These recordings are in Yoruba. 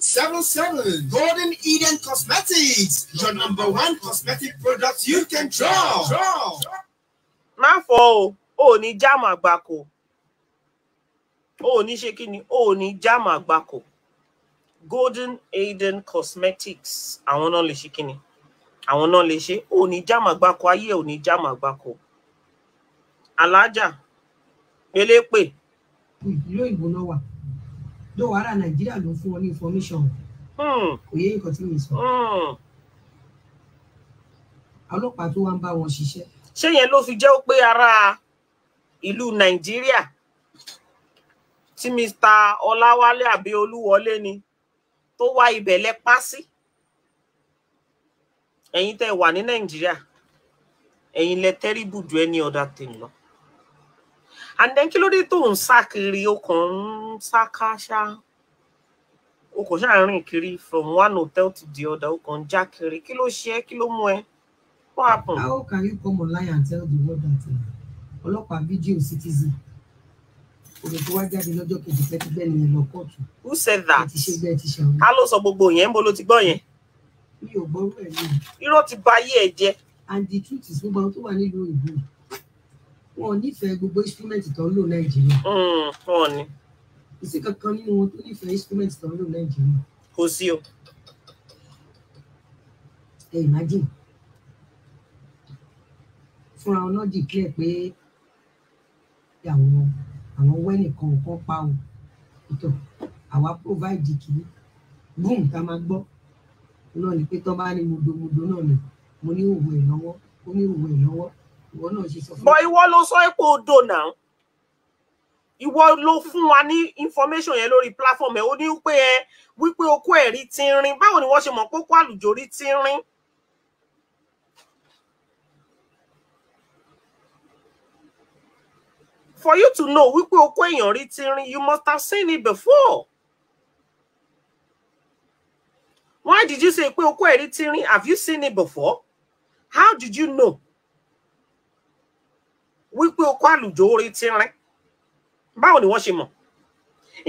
Seven seven. Golden Eden Cosmetics, your number one cosmetic product you can draw. draw. Má fọ o, ò ní jáàmù àgbákò. Ò ní ṣe kí ni, ò ní jáàmù àgbákò. Golden Eden Cosmetics, àwọn náà lè ṣe kí ni? Àwọn náà lè ṣe, ò ní jáàmù àgbákò, ayé ò ní jáàmù àgbákò. Alájà, pélépè. Ìlú ìgbóná wà dọwọ ara nàìjíríà ló fún wọn ní information hmm. kò yé nǹkan tí mi sọ hmm. ọlọ́pàá tó wá ń bá wọn ṣiṣẹ́. ṣé yẹn ló fi jẹ́ ó pé ará ìlú nàìjíríà tí mr ọláwálé àbí olúwọlé ni tó wá ibẹ̀ lẹ́pá sí ẹ̀yin tẹ́ wà ní nàìjíríà ẹ̀yin lẹ tẹ́rìbù ju ẹni ọ̀dà tèmi lọ and then kí ló dé tó ń sá kiri ó kàn ń sá káṣá ó kàn ṣáà rìn kiri from one hotel to the other ó kàn ń já kiri kí ló ṣe é kí ló mú ẹ what happen. how can you come online and tell the world that uh, ọlọ́pàá video, citizen òròjú wá kejì pẹ́ tí bẹ́ẹ̀ ni lọ kóòtù. who said that? ti ṣe bẹ́ẹ̀ ti ṣe àwọn. ká ló sọ gbogbo yẹn ń bo ló ti gbọ́ yẹn. mi ò gbọ́ rẹ̀ ni. irọ́ ti ba ayé ẹ̀ jẹ́. and the truth is gbogbo àwọn tó wà nílùú ìlú wọn ò nífẹ̀ẹ́ gbogbo instrument tó ń lò nàìjíríà. Hmm, wọn ò ní. kò sí kankan nínú wọn tó nífẹ̀ẹ́ instrument tó ń lò nàìjíríà. kò sí o. ẹ imagine fúnra wọn náà declare pé àwọn àwọn wẹ́nìkan kan pa o ìtọ̀ àwa provide kìí boom tá a máa gbọ́ náà ni pé tọ́ bá ní mudomudo náà ni mo ní òwò ìlọ́wọ́ ó ní òwò ìlọ́wọ́ But náà ṣe sọ fún mi. bọ ìwọ ló sọ pé ó dò náà ìwọ ló wa ní information yẹn lórí platform ẹ ó ní pé ẹ wípé okó ẹ̀rí ti ń rin báwo ni wọ́n ṣe mọ̀ pé okó àlùjòrí for you to know wípé okó èèyàn rí ti you must have seen it before. Why did you say pé okó ẹ̀rí ti have you seen it before? How did you know? wípé okó àlùjọ orí ti rin báwo ni wọ́n ṣe mọ̀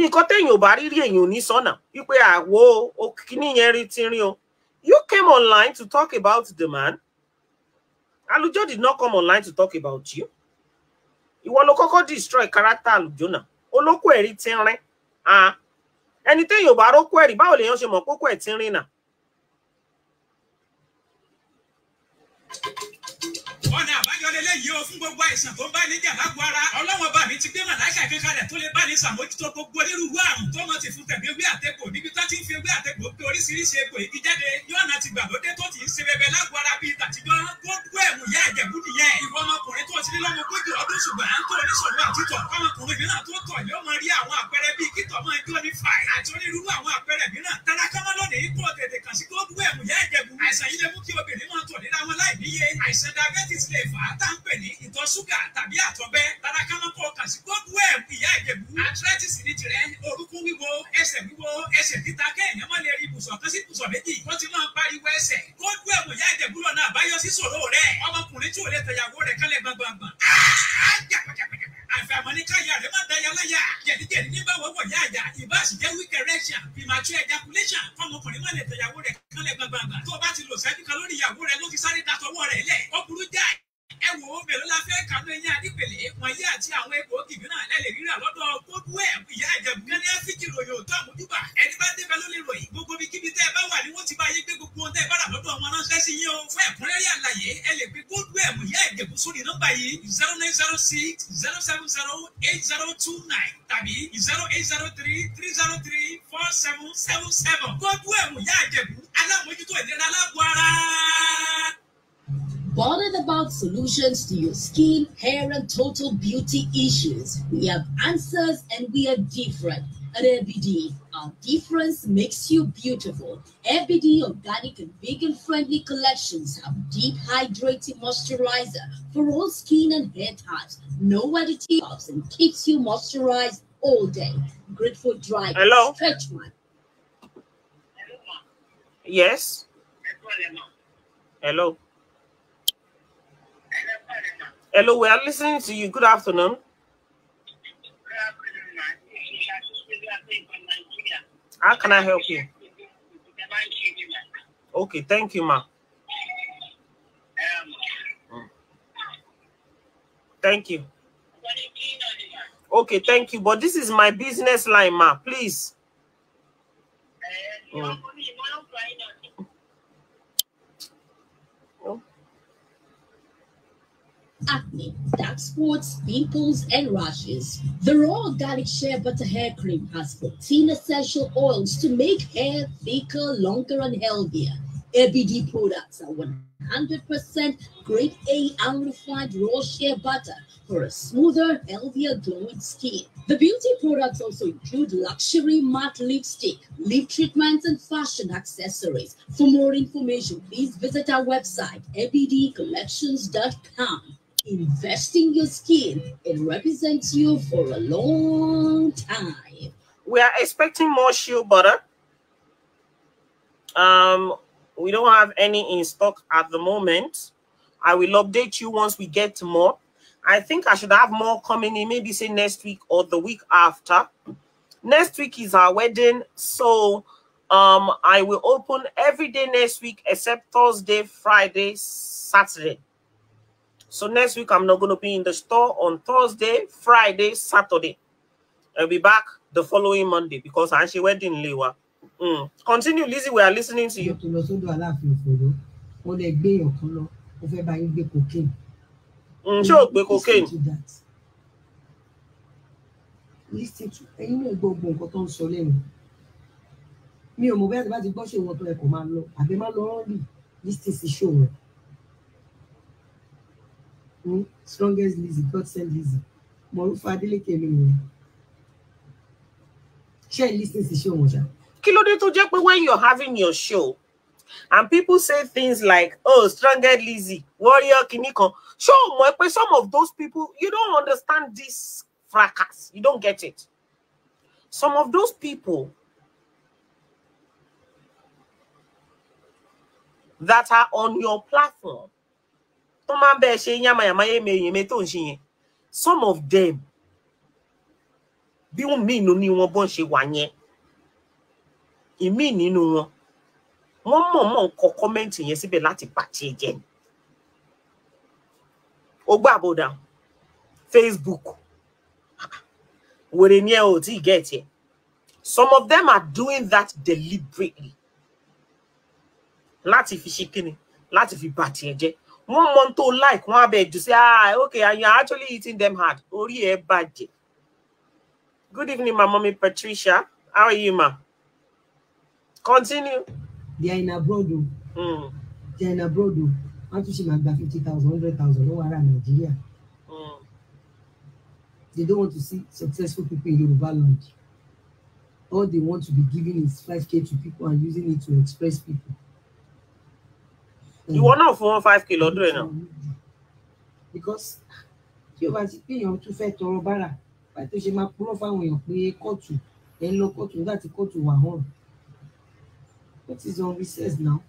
nǹkan téèyàn ò bá rí rí èèyàn ò ní sọnà wípé àwo kíní yẹn rí ti rin o you came online to talk about the man àlùjọ did not come online to talk about you ìwọ ló kọ́kọ́ destroy character àlùjọ náà olóko ẹ̀rí ti ah? ẹni téèyàn ò bá rókó ẹ̀rí báwo lèèyàn ṣe mọ̀ pókó ẹ̀ ti rin náà ọ̀nà àbáyọ lélẹ́yìí o fún gbogbo àìsàn tó bá níjà lágọ̀ ara ọlọ́wọ́n bá mi ti gbé màláṣà kankanlẹ̀ tó lè bá ní sàmójútó gbogbo onírúurú àrùn tó mọ̀ ti fún tẹ̀mí ewé àtẹ̀kọ̀ níbi tó ti ń fi ewé àtẹ̀kọ̀ pé oríṣiríṣi egbò igi jáde yọ̀ọ̀nà ti gbàlódé tó ti ń ṣe bẹbẹ lágọ̀ ara bíi tàtijọ́ tó kú ẹ̀mú yá ẹ̀jẹ̀bú nìyẹn ìwọ ọmọkùnrin tó ti ní lọ́mọ ogójì ọdún ṣùgbọ́n tó oníṣòro àtúntọ̀ ọmọkùnrin mìíràn tó tọ̀ yóò mọ rí àwọn àpẹẹrẹ bíi kítọ̀ mọ́ ẹjọ́ ní fàì àti onírúurú àwọn àpẹẹrẹ mìíràn tàlákàmọ́ lónìí tó tètè kàn sí tó àìsàn yìí tí lè fà á tá ń pè ní ìtọ̀ ṣúgà tàbí àtọ̀gbẹ lára kánlọ́kọ̀ kàn sí goldwell ìyá ìjẹ̀bú arthritis ní tirẹ̀ orúkún wíwo ẹsẹ̀ wíwo ẹsẹ̀ títa kẹ́ẹ̀yàn mọ́ lè rí ibùsọ̀ kan sí ibùsọ̀ méjì wọ́n ti máa ń pariwo ẹsẹ̀ goldwell ìyá ìjẹ̀bú lọ́nà àbáyọ sí ṣòro rẹ̀ ọmọkùnrin tí ò lè tẹ̀yàwó rẹ̀ kálẹ̀ gbọ̀ngbọ̀ngbọ̀n á jà àfàmọ́ ní káyà rẹ̀ má dayà láyà jẹ̀díjẹ̀dí ní báwọ̀ wọ̀ yá àjà ìbá sì jẹ́ wíkẹ̀ rẹ́ṣà premature ejaculation fọmọkùnrin má lè tẹ̀yàwó rẹ̀ kánlẹ̀ gbàgbàgbà tó o bá ti lò sẹ́jú kan lórí ìyàwó rẹ̀ ló fi sáré datọwọ́ rẹ̀ lẹ̀ ó burú jáì ẹ wò ó mélòó la fẹ́ kànú ẹ̀yìn adípèlé wọn yé àti àwọn egbòogi mìíràn lẹ́lẹ̀ rírà lọ́dọ̀ gbódúwẹ̀ ìyá ìjẹ̀bù kan ní áfíríkì ròyìn òótọ́ àmójúbà ẹni bá débẹ̀ ló lè ròyìn gbogbo bí kíbi tẹ́ ẹ bá wà ní wọ́n ti bá yé gbé gbogbo ohun tẹ́ ẹ bá rà lọ́dọ̀ wọn ránṣẹ́ sí yín o fún ẹ̀kúnrẹ́rẹ́ àlàyé ẹ lè pe gbódúwẹ̀ ìyá ìjẹ̀bù sórí nọ́mbà yìí zero nine zero Bothered about solutions to your skin, hair, and total beauty issues? We have answers and we are different. At ABD, our difference makes you beautiful. ABD organic and vegan friendly collections have deep hydrating moisturizer for all skin and hair types. No additives and keeps you moisturized all day. Great for dry, Hello? stretch mark. Yes. Hello. Hello, we are listening to you. Good afternoon. How can I help you? Okay, thank you, ma. Thank you. Okay, thank you. But this is my business line, ma. Please. Eh, mm. spots, pimples, and rashes. The raw garlic shea butter hair cream has 14 essential oils to make hair thicker, longer, and healthier. ABD products are 100% grade A unrefined raw shea butter for a smoother, healthier, glowing skin. The beauty products also include luxury matte lipstick, lip treatments, and fashion accessories. For more information, please visit our website, abdcollections.com. Investing your skin. It represents you for a long time. We are expecting more shea butter. Um, we don't have any in stock at the moment. I will update you once we get more. I think I should have more coming in, maybe say next week or the week after. Next week is our wedding, so um, I will open every day next week except Thursday, Friday, Saturday. So next week, I'm not going to be in the store on Thursday, Friday, Saturday. I'll be back the following Monday because I actually wedding lewa. Mm. Continue, Lizzie. We are listening to you. Mm, sure, be cocaine. Hmm, Listen to ẹ̀yin náà gbogbo nǹkan tó ń sọ lẹ́nu. Mi ò mọ̀ bẹ́ẹ̀ bá ti gbọ́ ṣe wọn tó ẹ kò máa lọ àbí máa lọ Hmm? Strongest Lizzie, God send Lizzie. Morufa Adeleke Lumina. Share listen to show Moja. Kílódé tó jẹ́ pé when you're having your show and people say things like, oh, Strongest Lizzie, Warrior Kiniko, show mo some of those people, you don't understand this fracas. You don't get it. Some of those people that are on your platform tó máa ń bẹ́ẹ̀ ṣe yánmayàmá yéme èyàn mi tó ń ṣe yẹn some of them bí wọn mí inú ni wọn bọ́n ṣe wà yẹn ìmí nínú wọn wọn mọ̀ọ́mọ̀ kọ kọ́mẹ́ǹtì yẹn síbẹ̀ láti pàtí jẹ ni ó gbà bọ̀dà Facebook wèrè ni ẹ ò tí ì gẹ̀ tiẹ̀ some of them are doing that deliberately láti fi ṣe kíni láti fi bàtí ẹ One month tó like one bed, bẹ̀ say, ah okay and you're actually eating them hard orí ẹ̀ bàjẹ́. Good evening, my mommy Patricia. How are you, ma? Continue. They are in abroad. Mm. They are in abroad. Oh. Wọ́n tún ṣe máa gba fifty thousand, hundred thousand lọ́wọ́ ará Nàìjíríà. Hmm. They don't want to see successful people in Yoruba land. All they want to be giving is five k to people and using it to express people. You mm. náà fún wọn five kilo, do you know? because you o bá on two èèyàn tún fẹ́ tọrọ bára báyìí tó ṣe máa purọ́ fáwọn èèyàn pé kóòtù ẹ̀ ń lọ kóòtù nígbà tí kóòtù what is on recess now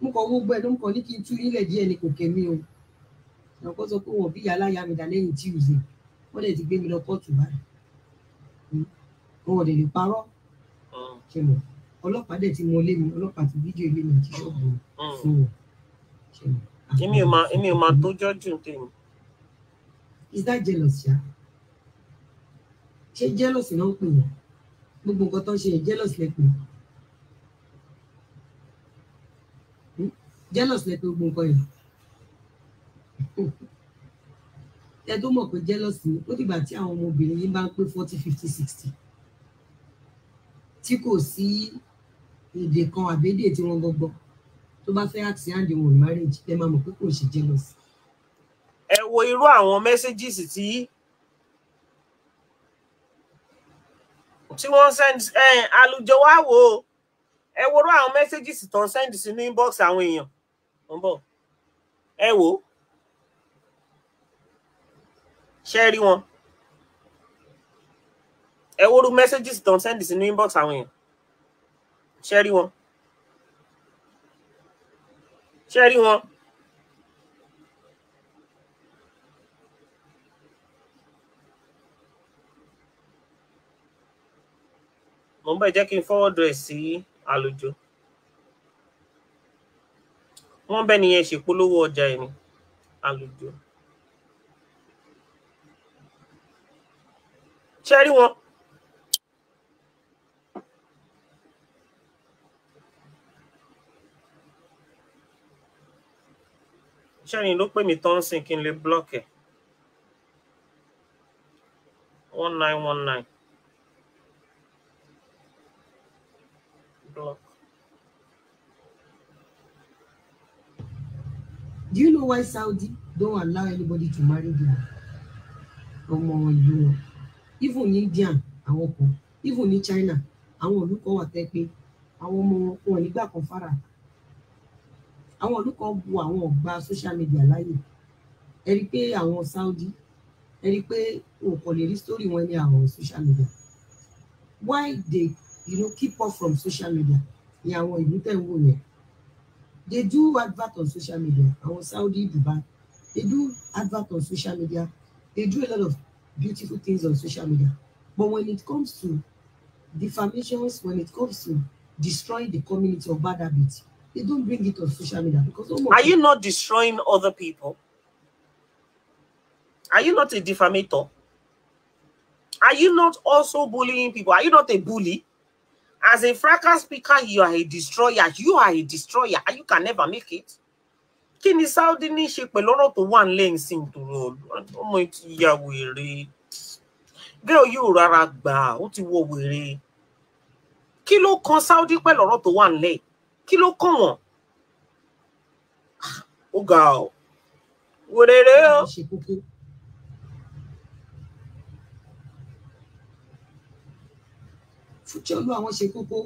mo kàn wo gbọ́ ẹ̀ ló ń kàn ní kí n tú nílẹ̀ díẹ̀ ni kò kẹ́mi o àwọn kan sọ pé wọ́n bí yàrá mi dà lẹ́yìn Tuesday wọ́n dẹ̀ ti gbé mi lọ kóòtù báyìí hmm. wọn ò dẹ̀ lè parọ́ Oh. Hmm. mọ̀ ọlọ́pàá dẹ̀ ti mọ ilé mi ọlọ́pàá ti fídíò ilé mi àti ṣọ́ọ̀bù fún èmi ò máa èmi ò máa tó jọ́jú tèmi. is that jealous ṣá ṣé jealous náà ń pè yàn gbogbo nǹkan tó ń ṣe yẹn jealous lè pè hmm? jealous lè pè gbogbo nǹkan yẹn ẹ tó mọ̀ pé jealous ni ó dìgbà tí àwọn ọmọbìnrin yìí bá ń pé forty fifty sixty tí kò sí èdè kan àbédè tí wọ́n gbọ́ gbọ́ tó bá fẹ́ àti hand in marriage ẹ máa mọ̀ pé kò ṣe jealous. ẹ wo irú àwọn messages tí tí wọ́n send àlùjọ wá wò ó ẹ worú àwọn messages tó ń send sínú inbox àwọn èèyàn ń bọ̀ ẹ wò ó ṣe rí wọn ẹ worú messages tó ń send sínú inbox àwọn èèyàn ṣe rí wọn ṣe rí wọn. mo ń bẹ̀ jẹ́ kí n fọwọ́dọ̀ ẹ̀ sí àlùjọ wọ́n bẹ́ẹ̀ nìyẹn ṣèpolówó ọjà ẹ̀ ni àlùjọ ṣe rí wọn. ṣẹ́yìn ló pè mí tán sìn kí n lè block ẹ̀ one nine one nine block. Do you know why Saudi don't allow anybody to marry them? ọmọ ìlú wọn even ní India àwọn kan even ní China àwọn olùkọ́ wà tẹ́ pé àwọn ọmọ wọn kò nígbà kan fara àwọn ìlú kan bu àwọn ọ̀gbà social media láyè ẹ rí i pé àwọn Saudi ẹ rí i pé o kò lè rí story wọn ní àwọn social media why they you know, keep off from social media ní àwọn ìlú tẹ̀ ń wò yẹn they do advert on social media àwọn Saudi Dubai they do advert on social media they do a lot of beautiful things on social media but when it comes to defamations when it comes to destroying the community of bad habits They don't bring it on social media because almost Are you not destroying other people? Are you not a defamator? Are you not also bullying people? Are you not a bully? As a fracas speaker, you are a destroyer. You are a destroyer, and you can never make it. Kí ni Saudi ní ṣe pẹ̀lú ọ̀rọ̀ tó wà nílẹ̀ ìsìn ìdúró ti ya wèrè gẹ́ọ̀ yóò rárá gbà ó ti wọ wèrè kí kan Saudi pẹ̀lú ọ̀rọ̀ tó wà nílẹ̀ kí ló kàn wọ́n ó ga ọ wòrèrè o. fújì olú àwọn ṣe kókó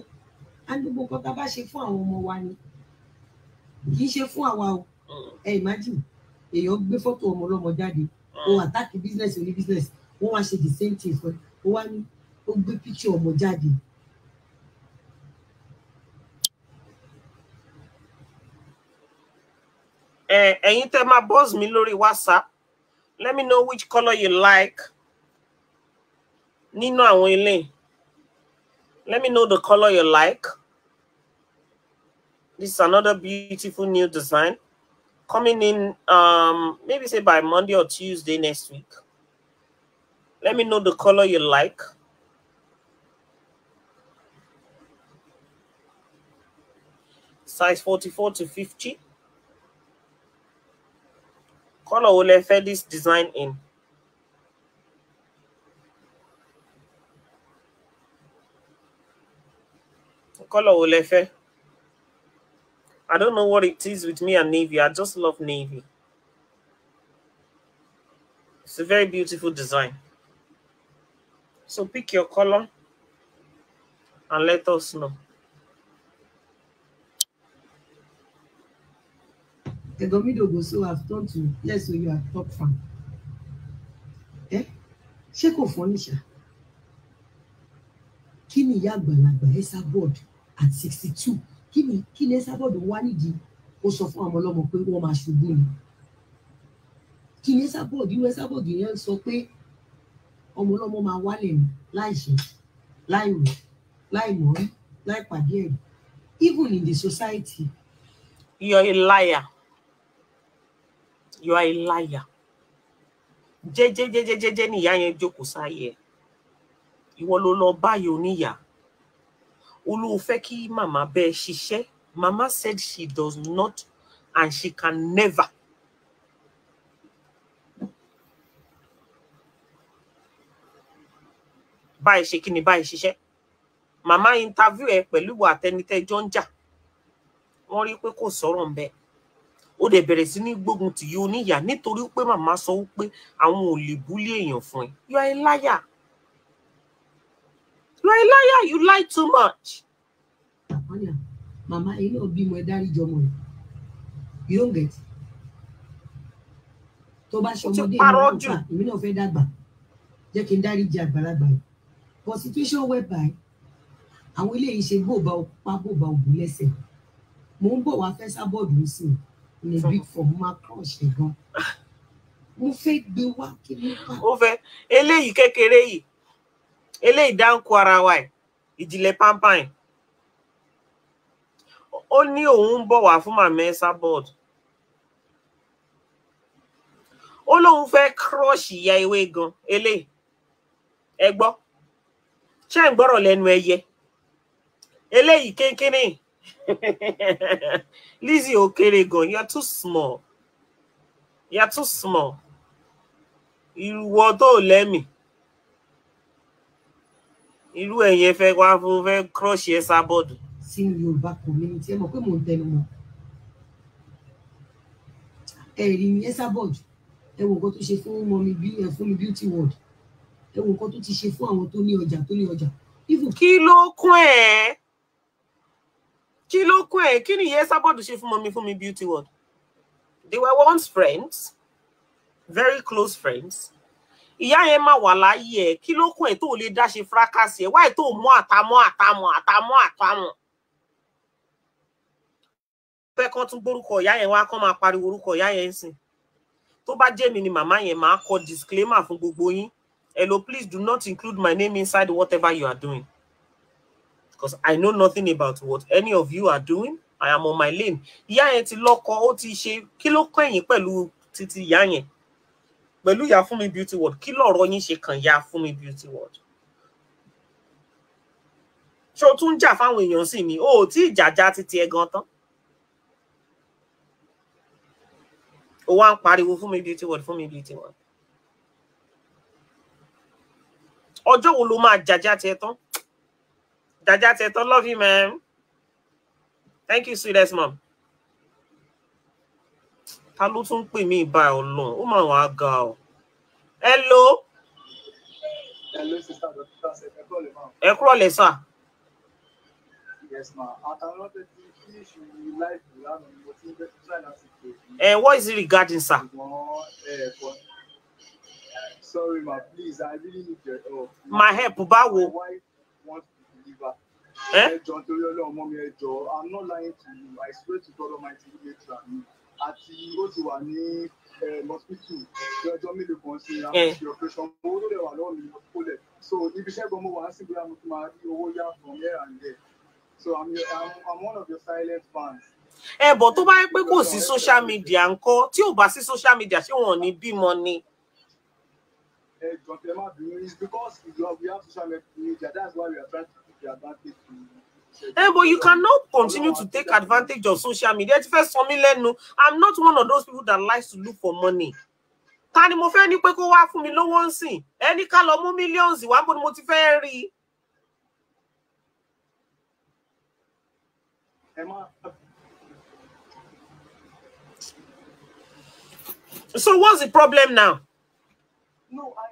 á ní gbogbo tá a bá ṣe fún àwọn ọmọ wa ni kì í ṣe fún àwa o mm. ẹ imagine èèyàn gbé fọ́tò ọmọ ọlọ́mọ jáde o mm. àtàkì business oní business wọ́n wá ṣe the same thing fún ẹ o wá ní ó gbé picture ọmọ jáde you tell my boss Milori, WhatsApp let me know which colour you like Nino àwọn let me know the colour you like this is another beautiful new design coming in um maybe say by Monday or Tuesday next week. Let me know the color you like. Size 44 to 50. Color will lẹ fẹ́ this design in. Color will lẹ fẹ́. I don't know what it is with me and navy. I just love navy. It's a very beautiful design. So pick your color and let us know. Egomidogo so I've turned to yes, so you are top fan. Eh? Ṣé kò fọ́nì ṣá? Kí ni ìyá board at sixty two? Kí ni kí ni Ẹ́sà board wá nídìí? Ó sọ fún àwọn ọlọ́mọ pé wọ́n máa ṣubú ni. Kí ni Ẹ́sà board irú Ẹ́sà board yẹn sọ pé ọmọ ọlọ́mọ máa wálẹ̀ ni láì ṣe láì rò láì mọ̀ rí even in the society. You're a liar you are a liar jẹ́jẹ́jẹ́jẹ́jẹ́ ni ìyá yẹn jókòó sáyé ẹ̀ ìwọ ló lọ báyìí oníyà olóò fẹ́ kí màmá bẹ́ẹ̀ ṣiṣẹ́ màmá said she does not and she can never. báyìí ṣe kí ni báyìí ṣiṣẹ́ màmá interview ẹ pẹ̀lú ìwà àtẹnitẹ́jọ́ ń jà wọ́n rí i pé kò sọ̀rọ̀ ń bẹ́ẹ̀ ó dẹ̀ bẹ̀rẹ̀ sí ní gbógun tì yóò níyà nítorí pé màmá sọ wípé àwọn ò lè búlé èèyàn fún ẹ you are a liar you are a liar you lie too much. màmá ilé òbí mo ẹ dárí jọmọ yìí you don't get tó bá ṣọmọdé ìlú èmi náà fẹ́ dàgbà jẹ́ kí n dáríji àgbàlagbà yìí but situation whereby àwọn eléyìí ṣe bóòbá pa bóòbá òbú lẹ́sẹ̀ mò ń bọ̀ wá fẹ́ sábọ́ọ̀dù sí i lè bí fọ̀mù máa kàn ṣe gan. mo fẹ́ gbé wá kí ló bá. ó fẹ́ eléyìí kékeré yìí eléyìí dáńkó ara wa ẹ̀ ìjìnlẹ̀ pampan ẹ̀ ó ní òun ń bọ̀ wá fún màmá ẹ̀ sábọ̀d ó lóun fẹ́ kírọ́ọ̀ṣì ìyá ewé gan eléyìí ẹ gbọ́ ṣé ń gbọ́rọ̀ lẹ́nu ẹyẹ eléyìí kékeré yìí Lizzie Okeregan, you're too small. You're too small. You tó lẹ́mì. Irú ẹ̀yẹn fẹ́ wá fún fẹ́ crush ẹ sábọ́dù. your Yorùbá community ẹ back for me. ń tẹnu mọ́. Ẹ̀rí ni ẹ sábọ́dù. Ẹ wo nǹkan tó ṣe fún mọ́mi bí ẹ fún mi beauty world. Ẹ wo go to ti ṣe fún àwọn tó ní ọjà tó ní ọjà. Kí ló kún kí ló kọ ẹ kí ni ìyẹn sábọ̀dù ṣe fún mọ́mí fún mi beauty world they were once friends very close friends ìyá yẹn máa wà láyé ẹ kí ló kọ ẹ tó lè dá ṣe fracas ẹ wáyé tó mú àtàmọ́ àtàmọ́ àtàmọ́ àtàmọ́ pé kán tún gbórúkọ ìyá yẹn wá kán máa pariwo orúkọ ìyá yẹn sìn tó bá jẹ́ mi ni màmá yẹn máa kọ disclaimer fún gbogbo yín hello please do not include my name inside whatever you are doing because I know nothing about what any of you are doing. I am on my lane. Ìyá yẹn ti lọ́kọ, ó ti ṣe kí ló kọ́ ẹ̀yìn pẹ̀lú títí ìyá yẹn. Pẹ̀lú ìyá Fúnmi Beauty World, kí lọ̀rọ̀ yín ṣe kàn ìyá Fúnmi Beauty World? Ṣé o tún ń jà fáwọn èèyàn sí ni? O ò tí ì títí ẹ gan tán. O wá ń pariwo Fúnmi Beauty World, Fúnmi Beauty World. Ọjọ́ wo ló máa jàjà tiẹ̀ tán? Jaja I love you, man. Thank you, sweetest mom. Hello, ló tún Hello. Hello, sister Hello, Sef, ẹ kúrọ̀ Yes, ma. Àtàwọn ọ̀tẹ̀ ti finish with life lánàá ni mo ti ń bẹ́ tí China what is it regarding, sir? Eh, Sorry, ma, please, I really need your help. My help, báwo? My wife wants to Eh? ẹjọ nítorí Ọlọ́run ọmọ mi ẹjọ i'm not lying to you i swear to God almighty you dey try me àti ó ti wà ní hospital ní ọjọ́ mélòó kan sí àti eh. operation owó ló lè wà lọ́wọ́ mi kó lẹ̀ so ibi iṣẹ́ gan wà á sì bóyá mo tún máa rí owó yá from here and there so i'm i'm, I'm one of your silent fans. ẹ eh, bọ̀ tó bá yẹ pé kò sí social media ńkọ́ tí ò bá sí social media ṣé wọn ò ní bímọ ni. ẹ jọ̀ọ́ tẹ má bínú it's because we have social media that's why we are trying to Hey, eh, but you cannot continue to take advantage of social media. First, ti me let mí lẹ́nu. I'm not one of those people that likes to look for money. Ta ni mo fẹ́ ní pé kó wá fún mi lówó ń sìn? Ẹni ká lọ millions wá bó ni mo ti fẹ́ rí So what's the problem now? No, I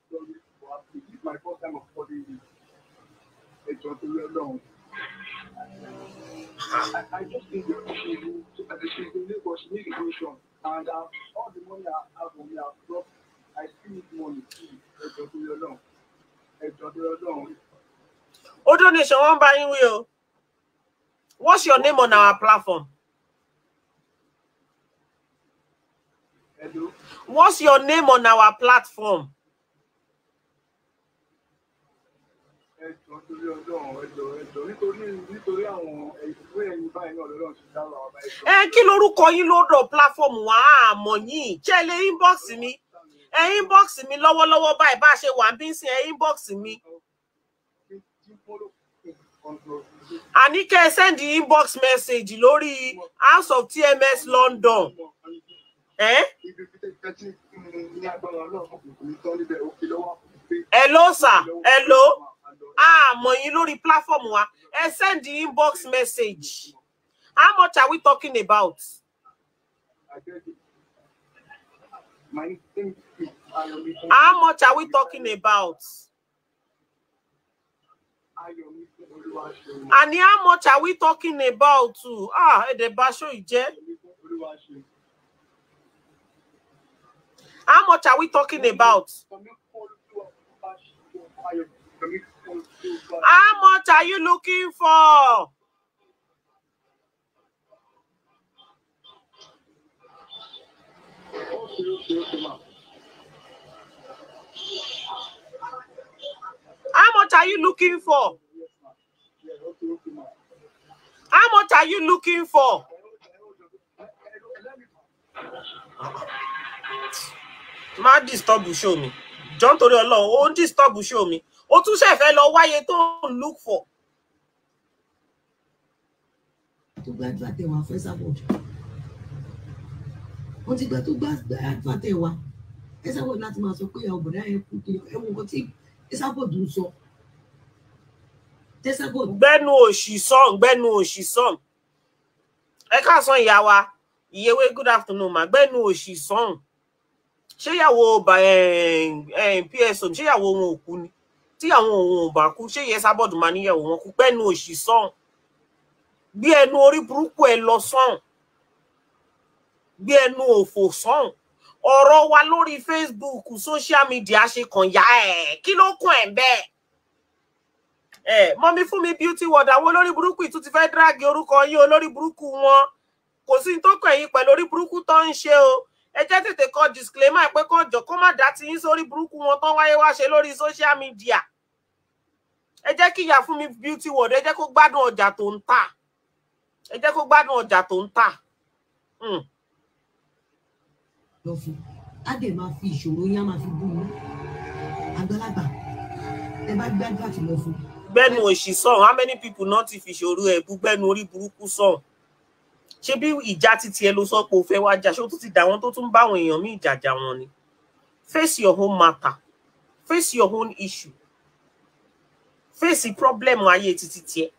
is my first time of calling you. Ẹjọ́ tó I just need your appreciation. She's in Lagos, she need equation. And uh, all the money I have on me, I've dropped. I still need money. Ẹjọ́ tó lọ lọ́hùn. Ẹjọ́ tó lọ lọ́hùn. Ó donation wọ́n bá yín What's your name on our platform? Hello. What's your name on our platform? nítorí ọlọ́run ẹjọ ẹjọ nítorí nítorí ẹ kí lorúkọ yín lọ́dọ̀ platform wa àmọ́ yín ṣé ẹ inbox mi ẹ inbox mi lọ́wọ́lọ́wọ́ báyìí bá a ṣe wà bí ń sin ẹ inbox mi. àní kẹ́ ẹ send inbox message lórí house of tms london. hello sir hello àmọ̀ yín lórí platform wa ẹ send the inbox message how much are we talking about. how much are we talking about. and how much are we talking about too? ah èdè basho ìjẹ́. how much are we talking about. How much are you looking for? How much are you looking for? How much are you looking for? Má disturb show me. John torí Ọlọ́run, ó ń disturb show me ó tún ṣe fẹ́ lọ wáyé tó ń look for. tó gba àdúràtẹ̀ wa fẹ́ sábọ̀dù wọ́n ti gbà tó gba àdúràtẹ̀ wa ẹ sábọ̀dù láti máa sọ pé ọ̀bọ̀dá ẹ kú kí ẹ wo nǹkan tí ẹ sábọ̀dù ń sọ. gbẹ́nu òṣì sàn gbẹ́nu òṣì sàn ẹ káàsán ìyá wa ìyẹwé good afternoon ma gbẹ́nu òṣì sàn ṣéyàwó eh, eh, pso ṣéyàwó wọn ò kú ni tí àwọn òun ò bá kú ṣé yẹn sábọ̀dù máa níyàwó wọn kú pẹ́nu òṣì sàn gbé ẹnu orí burúkú ẹ lọ sàn gbé ẹnu òfò sàn ọ̀rọ̀ wa lórí Facebook social media ṣe kàn yá ẹ̀ kí ló kún ẹ̀ bẹ́ẹ̀ ẹ̀ mọ́mí fún mi beauty world àwọn olórí burúkú ìtú ti fẹ́ dráàgì orúkọ yín olórí burúkú wọn kò sí tó kàn yín pẹ̀lú orí burúkú tó ń ṣe o ẹ jẹ́ tètè kọ disclaimer pé kó jọ kó má dá ti yín sórí burúkú wọn tó wáyé wá ṣe lórí social media ẹ jẹ́ kí ìyá fún mi beauty world ẹ jẹ́ kó gbádùn ọjà tó ń tà ẹ jẹ́ kó gbádùn ọjà tó ń tà. Hmm. lọ fún á dẹ̀ máa fi ìṣòro yẹn máa fi bú mi àgbàlagbà ẹ bá gbádùn àti lọ fún. gbẹnu òṣì sàn how many people not ti fi ìṣòro ẹ bú gbẹnu orí burúkú sàn ṣé bí ìjà títí ẹ ló sọ pé o fẹ́ wá jà ṣó tún ti dà wọn tó tún bá àwọn èèyàn míì jàjà wọn ni face your own matter face your own issue fèsì pírọ́blẹ́mù ayé títí tiẹ̀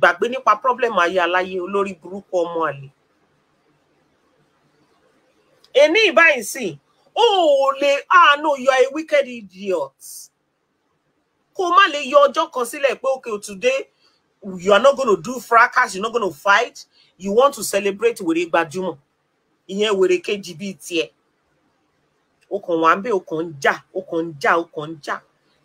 gbàgbé nípa pírọ́blẹ́mù ayé aláyé olórí burúkú ọmọ àlè ẹni ìbáyìí sì ó lè àánú yọ a wicked idiot kó má lè yọ ọjọ́ kan sílẹ̀ pé okay today you are not gonna do fracas you are not gonna fight you want to celebrate wèrè gbajúmọ̀ ìyẹn wèrè kejì bíi tiẹ̀ o kàn wá ń bẹ o kàn ń jà o kàn ń jà o ń jà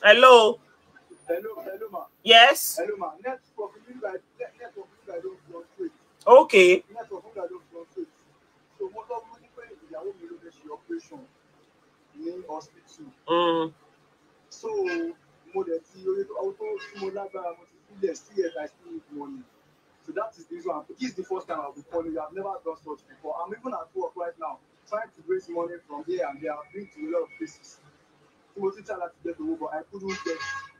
Hello. Hello, hello, ma. Yes. Hello, ma. Network that network that don't fluctuate. Okay. Network that don't fluctuate. So mo lọ mú ní pé ìyàwó mi ló fẹ́ ṣe operation ní hospital. Mm. So mo dẹ̀ ti orí ọwọ́ tó tí mo lágbára mo ti fílẹ̀ sí ẹ̀ka sí ìmọ̀ni. So that is this one. this is the first time I've been calling you. I've never done such before. I'm even at work right now trying to raise money from here and there. I've been to a lot of places mo still to get the role, but I couldn't get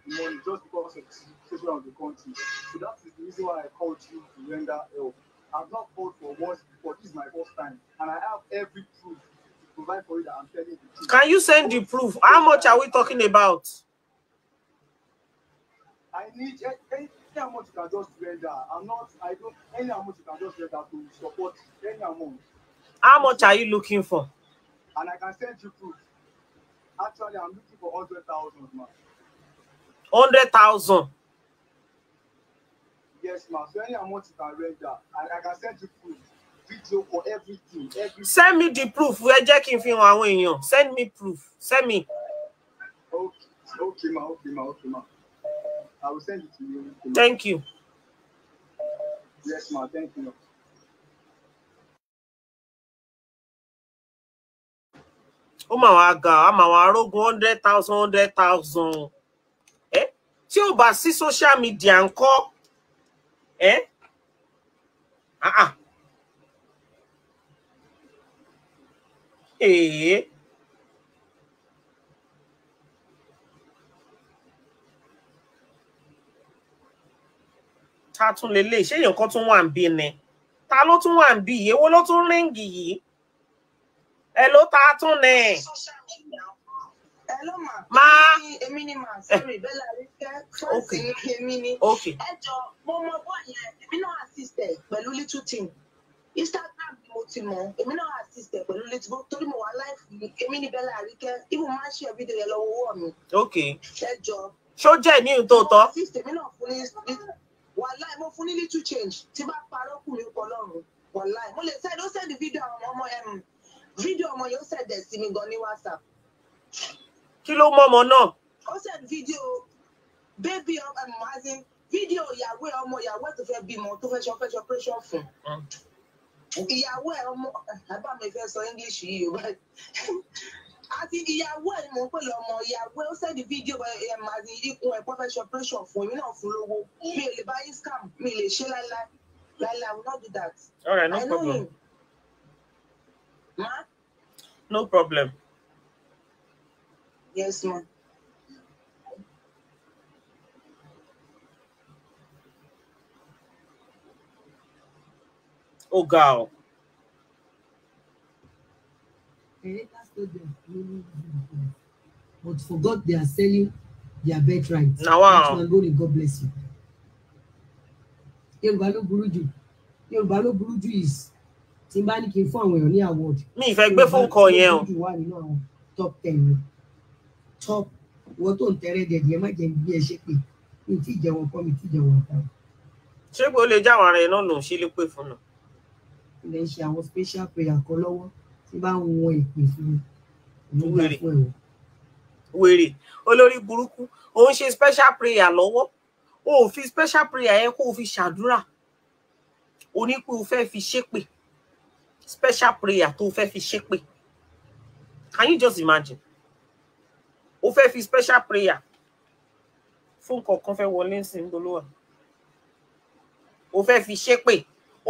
the money just because of the situation of the country. So that is the reason why I called you to render help. I've not called for once before. This is my first time, and I have every proof to provide for you that I'm telling you. Can you send the proof? How much are we talking about? I need any amount you can just render. I'm not. I don't any amount you can just render to support any amount. How much are you looking for? And I can send you proof. Actually, I'm looking for 100,000, ma. 100,000? Yes, ma. So any amount you can render, and I can send you proof. Video for everything, everything. Send me the proof. We're checking for àwọn èèyàn. Send me proof. Send me. Okay, okay, ma. Okay, ma. Okay, ma. I will send it to you. Okay, Thank you. Yes, ma. Thank you, ó mà wá ga á mà wá rógun hundred thousand hundred thousand ẹ tí ò bá sí social media ńkọ́ ẹ èè. ta tún lè lè ṣé èèyàn kan tún wà ń bí ni ta ló tún wà ń bí yìí èwo ló tún ríǹgì yìí Hello, ló Hello ma. Ma. Eh. Okay. Okay. màá sọ̀rọ̀ ìbẹ́lẹ̀ àríkẹ́ ni. Ẹ jọ mo mọ bọ́ yẹn èmi náà assist ẹ̀ pẹ̀lú little thing. Instagram ni mo ti mọ̀ èmi náà assist ẹ̀ pẹ̀lú little thing torí mo wà live ni èmi ni bẹ́lẹ̀ àríkẹ́ even máa ń ṣe fídíò yẹn lọ́wọ́ wọ̀ mi. Ẹ jọ. Ṣó jẹ́ ní ìtòótọ́? Mo èmi náà fún ní wàláì mo fún ní little change tí bá parọ́ kù mí pọ̀ lọ́rùn wàláì mo lè send ó send fídíò àwọn ọmọ ẹ̀rùn fídíò ọmọ yóò ṣẹ̀dẹ̀ sí mi gan ní whatsapp. kí ló mọ ọmọ náà. ó send fídíò bébí ọmọ azin fídíò ìyàwó ẹ ọmọ ìyàwó ẹ tó fẹ́ bímọ tó fẹ́ ṣọpẹ́ ṣọpẹ́ ṣọ fún. Mm. ìyàwó ẹ ọmọ bàbá mi fẹ́ sọ english yìí o àti ìyàwó ẹ mọ̀ pé lọ́mọ ìyàwó ó sẹ́ni fídíò ẹ̀ màdì ikùn ẹ̀ pọ́fẹ́sọ̀ pẹ́sọ̀ fún mi náà fún lówó mi ò lè bá yín scam mi lè ṣe láíláí láíláí I will not do that. All right, no problem. No problem. Yes, ma'am. Oh, girl. But forgot they are selling their birthright. Now, wow. God bless you. Yorùbá ló burú jù. Yorùbá ló is tí bá ní kí n fún àwọn èèyàn ní award. mi ì gbé fún kọ yẹn o. wà nínú àwọn top ten ni top wọ́n tó ń tẹ́rẹ́ dẹ̀dẹ̀ má jẹ́ bí ẹ ṣe pé mi ti jẹun kọ́ mi ti jẹun ọ̀tá. ṣé kò lè já àwọn ara ẹ náà nù sí lè pè fún un. ilẹ̀ ṣe àwọn special prayer kan lọ́wọ́ tí bá ń wọn ìpè fún mi. wèrè wèrè olórí burúkú òun ṣe special prayer lọ́wọ́ o ò fi special prayer yẹn kó o fi ṣàdúrà onípò fẹ́ fi ṣépè special prayer to fẹ́ fi ṣépè can you just imagine o fẹ́ fi special prayer fún kọ̀ọ̀kan fẹ́ wọlé sí gbólóhà o fẹ́ fi ṣépè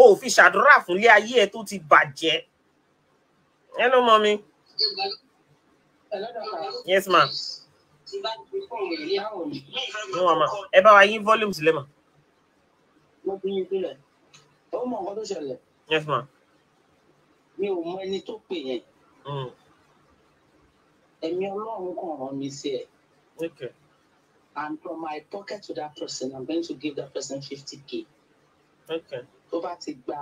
o ò fi ṣàdúrà fúnlé ayé ẹ tó ti bàjẹ́ hello mommy yes ma no ma ẹ bá wa yín volume sílẹ̀ ma. yes ma mi ò mọ ẹni tó pè yẹn hmm. ẹ̀mí ọlọ́run kan rán mi sí ẹ̀. And from my pocket to that person, I'm going to give that person 50k. Okay. Tó bá ti gba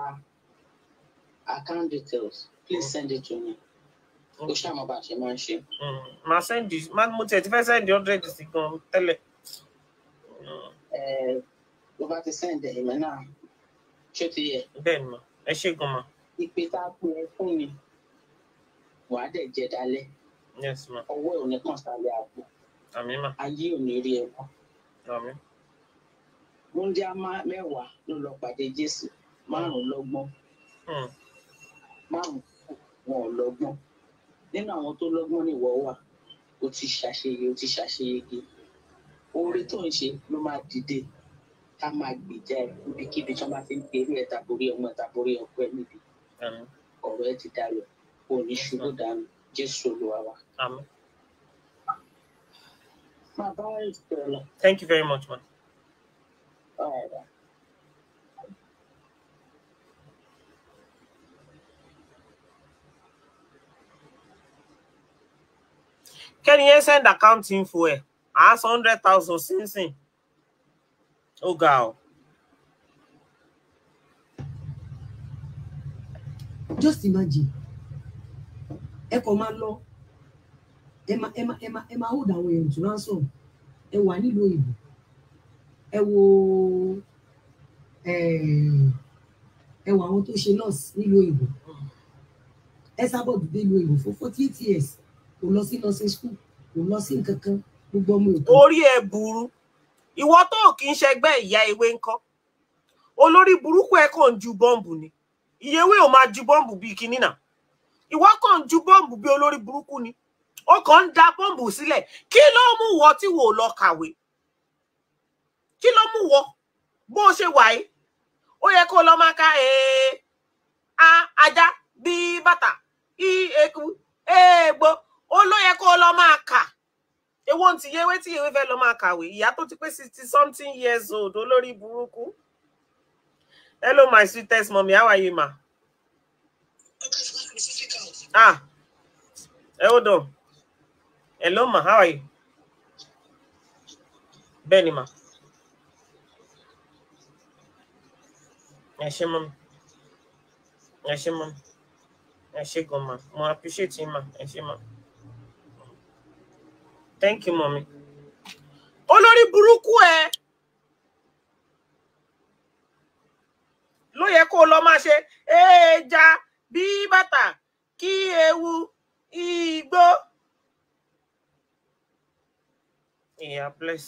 account details, please hmm. send it to me. Ó ṣàmọ̀ bá ṣe máa ń ṣe. Hmm. Màá sẹ́ndì, mo tiẹ̀ ti fẹ́ sẹ́ndì hundred sí gan tẹ́lẹ̀. Tó bá ti sẹ́ndì ẹ̀mẹ́ náà, ṣé ti yẹ? Bẹ́ẹ̀ni ma, ẹ ṣé gan ma ìpè tá a pè é fún ni wà á dẹ̀ jẹ dalẹ̀ ọwọ́ ẹ̀ ò ní kàn sálẹ̀ àpò ayé ò ní rí ẹ̀kọ́. múndíá mẹ́wàá ló lọ pàdé Jésù hmm. márùn-ún lọ́gbọ́n márùn-ún wọn ò lọ́gbọ́n nínú àwọn tó lọ́gbọ́n ni ìwọ wà o ti ṣàṣeyẹ o ti ṣàṣeyege oore tó ń ṣe ló máa dìde ká máa gbèjà ẹ níbikíbi tí wọn bá ti ń pe eré ẹ tàbórí ọmọ tàbórí ọkọ ẹ níbi ọ̀rọ̀ ẹ ti dànù kò ṣubú dànù Jésù Olúwa Thank you very much, man. All right, kẹ́ni yẹn send account info ẹ̀ àá hundred thousand sínsìn ó ga ọ́. just imagine ẹ kàn máa lọ ẹ máa ẹ máa ẹ máa ẹ máa hold àwọn èèyàn to ransom ẹ wà nílùú òyìnbó ẹ wo ẹ wo àwọn tó ṣe nurse nílùú òyìnbó ẹ sábọ̀ dìde ìlú òyìnbó fún forty eight years kò lọ sí nursing school kò lọ sí nǹkan kan gbogbo ọmọ òkú. orí ẹ burú ìwọ tó kì í ṣẹgbẹ́ ìyá ewé ńkọ́ olórí burúkú ẹ kàn ju bọ́ǹbù ni ìyẹwé ò máa ju bọ́ǹbù bíi kinní náà ìwọ kàn ń ju bọ́ǹbù bíi olórí burúkú ni ó kàn ń da bọ́ǹbù sílẹ̀ kí ló mú wọ tí wò lọ kàwé kí ló mú wọ bó o ṣe wà ó yẹ kó lọ máa ka a ajá bíi bàtà i eku eegbo ó ló yẹ kó lọ máa kà èwo ń ti yewé tí yewé fẹ́ lọ máa kàwé ìyá tó ti pé sixty something years old olórí burúkú. Hello, my sweetest mommy. How are you, ma? Ah. hello hold Hello, ma. How are you? Benny, ma. Ẹ ṣé, mom. Ẹ ṣé, mom. Ẹ ṣé gan, ma. Mo appreciate you, ma. Ẹ ṣé, ma. Thank you, mommy. Olórí burúkú ẹ. Eh? ló yẹ kó lọ máa ṣe ẹja bí bàtà kí ewu igbó. Yeah, bless.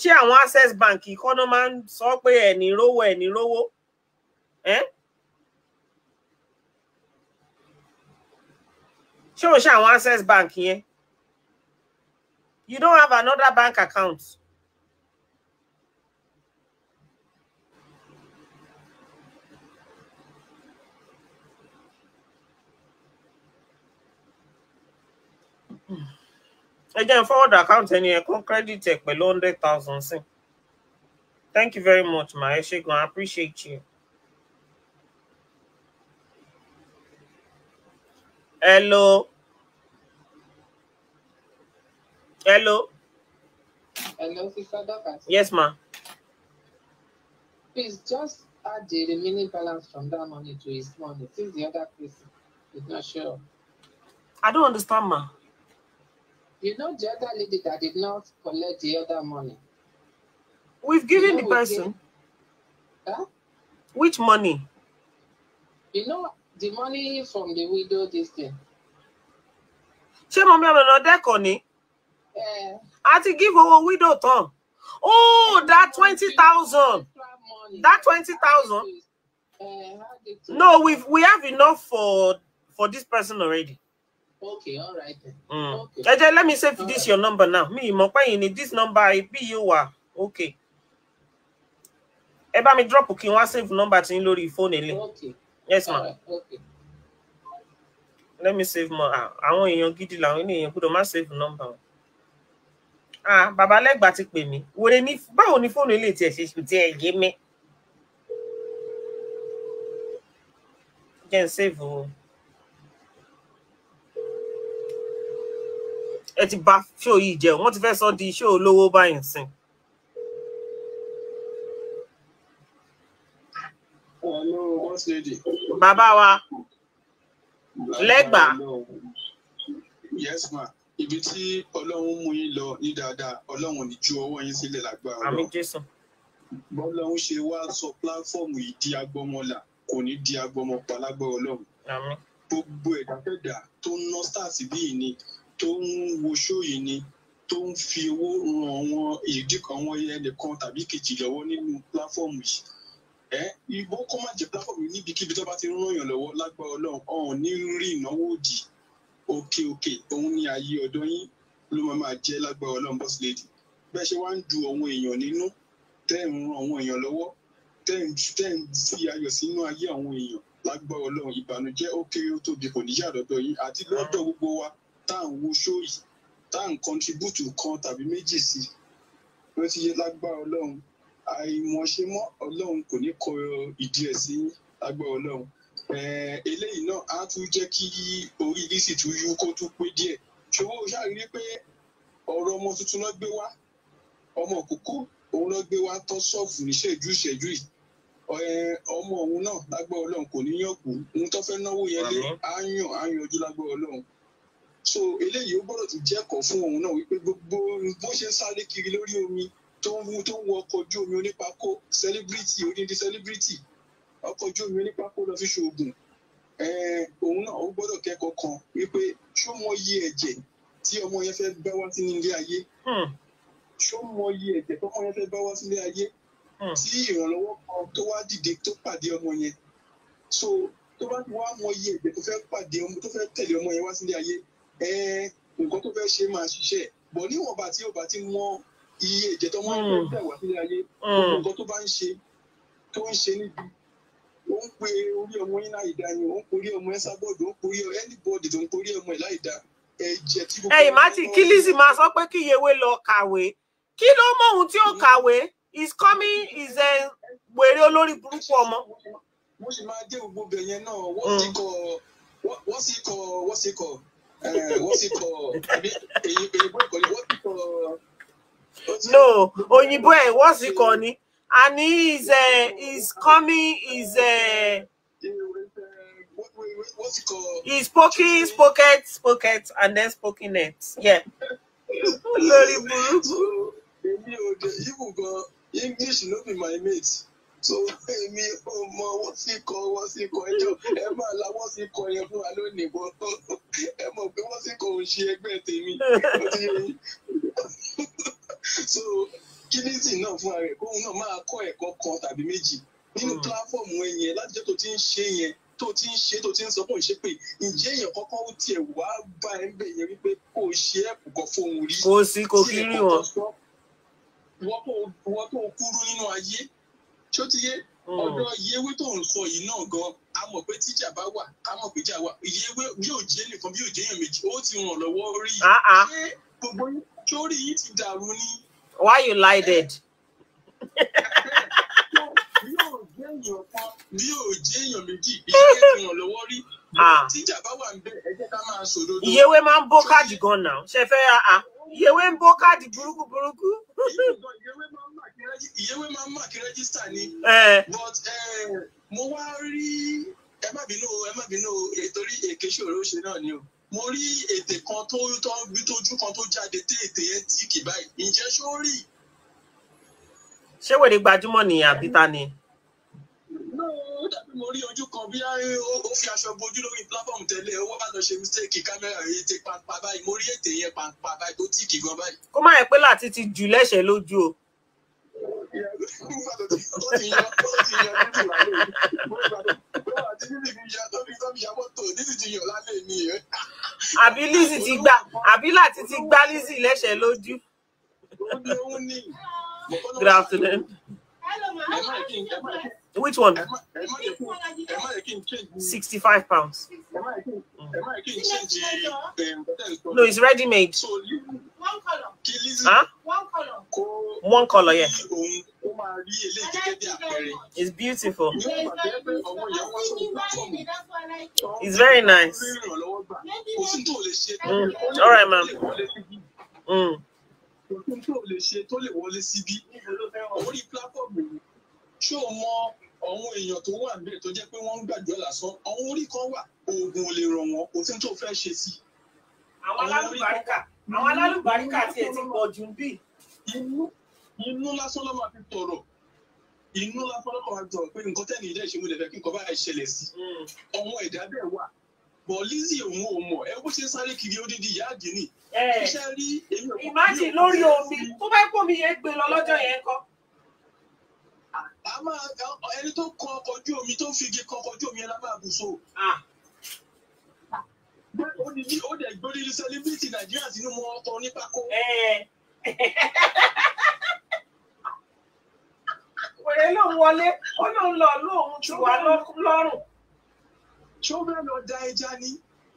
ṣé àwọn access bank kọ́nà máa ń sọ pé ẹ̀ní rówó ẹ̀ní rówó ṣé òun ṣe àwọn access bank yẹn You don't have another bank account. ẹ jẹ́ forward account any ẹ̀ credit ẹ̀ pẹ̀lú hundred thousand sí. Thank you very much, ma. Ẹ I appreciate you. Hello. Hello. Hello, Sister Dorcas. Yes, ma'am. Please just add the remaining balance from that money to his money since the other person is not sure. I don't understand, ma'am. You know the other lady that did not collect the other money. We've given you know the person. Gave... Huh? Which money? You know the money from the widow this thing. ṣé mọ̀mí ọ̀rọ̀ náà that money. I to give owó widow tán oh that twenty thousand that twenty thousand no we we have enough for for this person already. Okay, all right. Then. Mm. Okay. Eje, let me save all this right. your number now. Me, my pa yin this number be you are. Okay. Eba me drop kí wọ́n save number to your phone ele. Okay. Yes ma'am. Right. Okay. Let me save more. Ah, àwọn èèyàn gidi làwọn èèyàn gbọ́dọ̀ má save number ah bàbá lẹ́gbàá ti pè mí wòrè mi báwo ni fóònù ilé tiẹ̀ ṣe kò tiẹ̀ yé mi. jẹ́ ń sèvù o. ẹ ti bà show yìí jẹ́ wọ́n ti fẹ́ sọ di ṣó olówó báyìí sìn. bàbá wa lẹ́gbàá. yes ma ibi tí ọlọ́run mú yín lọ ní dáadáa ọlọ́run ò ní ju ọwọ́ yín sílẹ̀ lágbára lọ. àmín jésù. bọ́lọ́run ṣe wá sọ pílàfọ́ọ̀mù yìí di agbọ́mọlà kò ní di agbọ́mọpa lágbára ọlọ́run. àmín. gbogbo ẹ̀dákẹ́dà tó ń ná stars bíi ni tó ń wo ṣó yìí ni tó ń fi owó ran àwọn ìdí kan wọ́n yẹ ẹnìkan tàbí kejì lọ́wọ́ nínú pílàfọ́ọ̀mù yìí ẹ ìwọ kó má jẹ pílàfọ́ọ̀mù níbikíbi tó bá ti rán yàn lọ́wọ́ lágbára ọlọ́run ọ̀hún ní rí ìnáwó òdì òkè òkè òun ni ààyè ọ̀dọ́ yín ló máa máa jẹ́ lágbára ọlọ́run bọ́sì lédi bẹ́ẹ̀ ṣe wá ń du àwọn èèyàn nínú tẹ́ ń ran àwọn èèyàn lọ́wọ́ tẹ́ ń fi ayọ̀ sínú ayé àwọn èèyàn lágbára ọlọ́run ìbànújẹ́ ó kéré ó tóbi kò ní yà lọ́dọ̀ yín àti lọ́dọ̀ gbogbo wa tá à ń wo ṣó yìí tá à ń kọntribútù kan tàbí méjì sí i ló ti yẹ lágbára ọlọ́run àìmọ̀ṣe mọ́ kò ní kọ ìdí ẹ̀ sí lágbára ọlọ́run eléyìí náà á tún jẹ́ kí orí dc tún yú kó tún pé díẹ̀ ṣùgbọ́n o ṣáà rí i pé ọ̀rọ̀ ọmọ tuntun náà gbé wá ọmọ òkókó òun náà gbé wá tán ṣọ́ọ̀fù níṣẹ́jú ìṣẹ́jú yìí ọmọ òun náà lágbọ́ ọlọ́run kò ní yàn kú ohun tó fẹ́ náwó yẹn lé á yàn á yanjú lágbọ́ ọlọ́run so eléyìí ó gbọ́dọ̀ tún jẹ́kọ̀ọ́ fún òun náà wípé gbogbo bó ṣe ń sáré kiri lórí omi tó ń wọ ọkọ̀ ojú omi onípakó celebrity onídìí celebrity ọkọ̀ ojú omi ní pákó lọ fi ṣoògùn òun náà ó gbọ́dọ̀ kẹ́kọ̀ọ́ kan wípé ṣó mọ iye ẹ̀jẹ̀ tí ọmọ yẹn fẹ́ bá wá sí nílé ayé hmm. ṣó mọ iye ẹ̀jẹ̀ tọ́mọ yẹn fẹ́ bá wá sílé ayé hmm. tí ìrànlọ́wọ́ kan tó wá dìde tó pàdé ọmọ yẹn so tó bá wá mọ iye ẹ̀jẹ̀ tó fẹ́ pàdé ọmọ tó fẹ́ tẹ̀lé ọmọ yẹn wá sílé ayé nǹkan tó fẹ́ ṣe máa ṣiṣẹ́ bọ̀ níwọ̀nba tí ó bá ti mọ iye ẹ̀jẹ̀ tọ́mọ yẹn fẹ́ tẹ̀ wá sílé ayé hmm. nǹkan tó bá ń ṣe tó ń ṣe níbi ó ń pe orí ọmọ yín láì dá ni ó ń porí ọmọ ẹ sábọọdù ó ń porí ẹnìbọọdì tó ń porí ọmọ ẹ láì dá ẹjẹ tí gbogbo. ẹyìn má ti kí máa sọ pé kí Yewé lọ kàwé kí ló mọ ohun tí ó kàwé is coming is a eh, wèrè olórí burúkú ọmọ. mo sì máa dé gbogbo bẹ̀ yẹn náà wọ́n sì mm. kọ wọ́n sì kọ wọ́n sì kọ eh, èyí èyí bó ìkọ́ni wọ́n sì kọ. no òyìnbó ẹ̀ wọ́n sì kọ ni and he is uh, is coming is uh, He's poking, pocket, pocket, and then poking it. Yeah. English no be my mate. So èmi ò mọ kọ wọ́n kọ ẹjọ́ ẹ máa la wọ́n kọ yẹn fún wa lónìí bọ́. Ẹ mọ̀ pé wọ́n sì kọ òun ṣe ẹgbẹ́ tèmi. So kí lizzy náà fúnra rẹ̀ kóun náà máa kọ́ ẹ̀kọ́ kan tàbí méjì nínú hmm. pílàfọ́ọ̀mù ẹ yẹn láti jẹ́ tó ti ń ṣe yẹn tó ti ń ṣe tó ti ń sọ fún ìṣe pé ǹjẹ́ èèyàn kọ́kọ́ ó tiẹ̀ wá bá ẹ ń bẹ̀ yẹn wípé kó o ṣe ẹ̀kú kan fóun rí kó o sí kó kí rí wọn. wọ́n tó kúrú nínú ayé tí ó ti yé hmm. ọ̀dọ̀ yéwé tó ń sọ yìí náà gan a mọ̀ pé tíjà bá wà a mọ̀ pé jà wà yéwé yóò jẹ́ nìkan bí yóò jẹ́ èèyàn méjì ó ti ràn lọ́wọ́ rí i ah, ah. ṣé gbogbo sórí yìí ti dàrú ni Why you lied it? bí o jẹ èèyàn méjì bí ẹ fi hàn lọ́wọ́ rí tíjà bá wà níbẹ̀ ẹ jẹ́ ìyẹwé máa ń bó káàdì gan ìyẹwé ń kí ni but eh, mo wá rí ẹ má bínú ẹ má bínú torí mo rí ètè kan tó tó gbé tójú kan tó jáde tí ètè yẹn tì kì báyìí ǹjẹ́ ṣó rí. ṣé wèrè gbajúmọ̀ ni àbí ta ni. ó dàbí mo rí ojú kan bí ó fi aṣọ bojú lórí platform tẹ́lẹ̀ ó wá lọ ṣe mistake kámẹ́rà yìí ti pàǹpà báyìí mo rí ètè yẹn pàǹpà báyìí tó tì kì gan báyìí. kó má yẹ pé láti ti jù lẹ́sẹ̀ lójú o ó ti yan ó ti yan ní ìlà lẹ́yìn bóyá àti lílì mi ya tó àbí Lizzy ti gbà àbí láti ti gbá Lizzy lẹ́sẹ̀ lójú. Good afternoon. Which one? Sixty-five pounds. No, it's ready-made. One color. Huh? One color. One color, yeah. It's beautiful. It's very nice. Mm. All right, ma'am. Mm. tó lè àwọn èèyàn tó wà níbẹ̀ tó jẹ́ pé wọ́n ń gbàdúrà lásán àwọn orí kan wà oògùn ò lè ràn wọ́n kò sí tó fẹ́ ṣe sí. àwọn alálùbáríkà àwọn alálùbáríkà ti ẹ̀ ti pọ̀ jù ń bì. inú inú lásán ló máa fi tọrọ inú lásán ló máa tọrọ pé nǹkan tẹ́ni ilé ìṣègùn lè fẹ́ kí nǹkan bá ṣẹlẹ̀ sí. àwọn hmm. ẹ̀dá bẹ́ẹ̀ wà bọ̀ Lizzy òun ò mọ̀ ẹ bó ṣe sáré kiri odidi ìyá àdínì. ẹ ìmájì lórí omi tó bá pọ̀ mi yẹn gbé lọ lọ́jọ́ yẹn kọ́ a máa ẹni tó kọ ọkọ̀ ojú omi tó fi igi kọ ọkọ̀ ojú omi ẹ la máa bù so. Ah. ó dẹ̀ gbóni ní sẹlẹ́bírìtì nàìjíríà sínú mọ́ ọkọ̀ onípákó. wèrè ló ń wọlé ó ló ń lọ lóun ti wà lọ́rùn. ṣé ó bẹ́ẹ̀ lọ da ẹja ni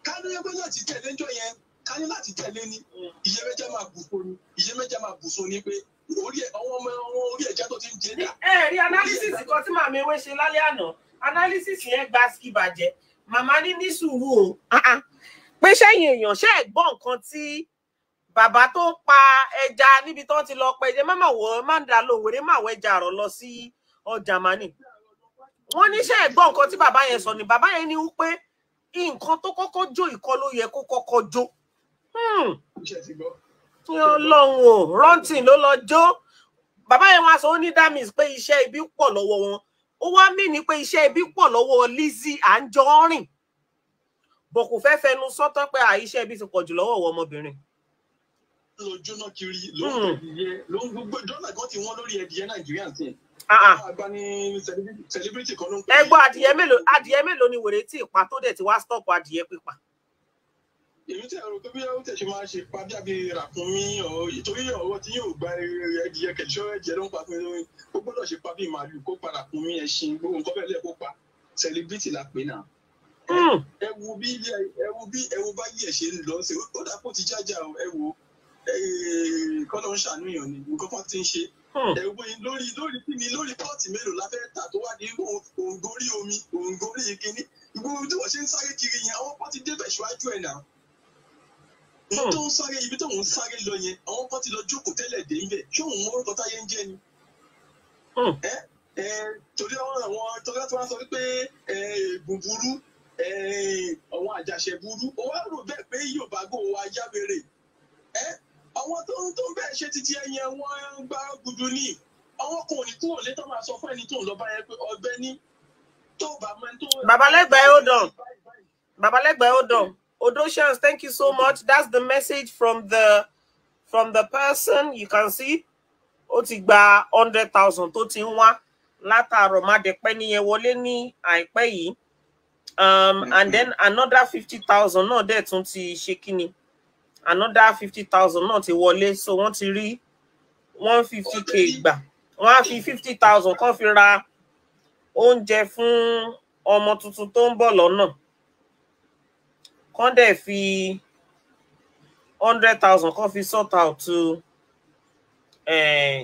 ká ló yẹ pé láti tẹ̀lé jọ yẹn ká ní láti tẹ̀lé ni iyèméjì máa bù so ni iyèméjì máa bù so ni pé orí ẹ̀ ọwọ́ ọmọ orí ẹ̀já tó ti ń jẹ dà. ẹ rí analysis kan tí màmá ewé ṣe lálẹ́ àná analysis yẹn gba ski bàjẹ́ màmá ní ní sùúrù o ah, ah. pé sẹ́yìn èèyàn ṣe é gbọ́ nǹkan tí bàbá tó ń pa ẹja níbi tó ti lọ pẹjẹ mọ́mọ́ wọ́ máa ń dà lóhùn wèrè máa wọ ẹja àrọ̀ lọ sí ọjà mani wọ́n ní ṣe é gbọ́ nǹkan tí bàbá yẹn sọ ni bàbá yẹn ní wípé nǹkan tó kọ́kọ́ jó ìkọlù yẹ kó kọ́kọ́ jó Hmm. ọlọ́run o rọ́ǹtìn ló lọ jó bàbá yẹn wá sọ ó ní that means pé iṣẹ́ ibi pọ̀ lọ́wọ́ wọn ó wá mí ní pé iṣẹ́ ibi pọ̀ lọ́wọ́ Lizzie Anjorin bọ̀ kò fẹ́ fẹnu sọ́tọ́ pé àìṣe ibi ti pọ̀ jù lọ́wọ́ ọwọ́ ọmọbìnrin. ló jóná kiri ló ń gbẹdìyẹ hmm. ló ń gbogbo dọ́là kan ti wọ́n lórí ẹ̀dìyẹ nàìjíríà sí. Ah, ah. agbani celebrity kan ló ń pè é. ẹgbọ́n adìyẹ mélòó adìyẹ mélòó ni wèrè tí ìpa tó dẹ̀ ti wá stọ́ọ̀pù adìyẹ pípa èmi tí ẹ̀rọ pé bí ó tẹ̀sí máa ṣe pa bíàbí ràkúnmí ọ̀hún ìtorí ọ̀wọ́ tí yóò gba ẹ̀dìyẹ kẹ̀ṣọ́ ẹ̀jẹ̀ ló ń pa fún mi ó gbọ́dọ̀ ṣe pa bíi màálù kó pa ràkúnmí ẹṣin gbogbo nǹkan bẹ́ẹ̀ lẹ̀ kó pa celebrity la pè náà. Hmm. ẹ wo bí ẹ wo bí ẹ wo bá yí ẹ lọ ṣe ó dà kó ti jájà ẹ wo kọ́ ló ń ṣàníyàn ni nǹkan kan ti ń ṣe. Hmm. ẹ wo lórí lórí kí ni lórí pọ́ọ̀tì mélòó la fẹ́ tà tó wá n hmm. tó ń sáré ibi tóun sáré lọ yẹn àwọn kan ti lọ jókòó tẹ́lẹ̀ dé ibẹ̀ ṣé òun orúkọ táyé ń jẹ́ ni. Hmm. ẹ ẹ torí àwọn àwọn tọ́lá tó wá sọ pé ègùn burú àwọn àjàṣe burú ó wá rò bẹ́ẹ̀ pé yorùbá gò wá yábẹ̀rẹ̀ ẹ àwọn tó ń tó ń bẹ́ẹ̀ ṣe títí ẹyẹ wọn gbá gudu ní àwọn kan ò ní kúrò létọ́ máa sọ fún ẹni tó ń lọ báyẹn pé ọgbẹ́ ní tó bá mẹ́ni tó. babalẹ́gbẹ̀ẹ́ ó dàn babalẹ́gbẹ̀ẹ́ ó dàn. Odoshans, thank you so much. That's the message from the from the person. You can see ó hundred thousand tó ti ń wá látàárọ̀ má dẹpẹ níyẹn wọlé um, and then another fifty thousand náà dẹ̀ tún ti another fifty thousand Not a wọlé so wọ́n ti rí one fifty k gbà wọ́n á fifty thousand kan fi ra oúnjẹ fún ọmọ tuntun kán dẹ̀ fi hundred thousand kán fi sort out eh,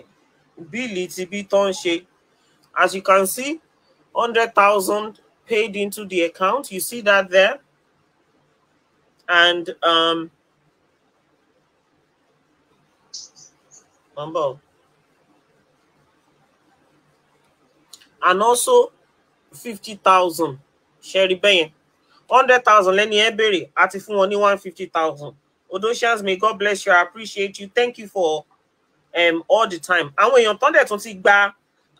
bíìlì ti bí tó ń ṣe as you can see hundred thousand paid into the account you see that there and um, Mumbo. And also fifty 50,000 Sherry Bayan hundred thousand lẹ́ni ẹ béèrè a ti fún wọn ní one fifty thousand odosians may god bless you i appreciate you thank you for um, all the time àwọn èèyàn tán dẹ̀ tún ti gba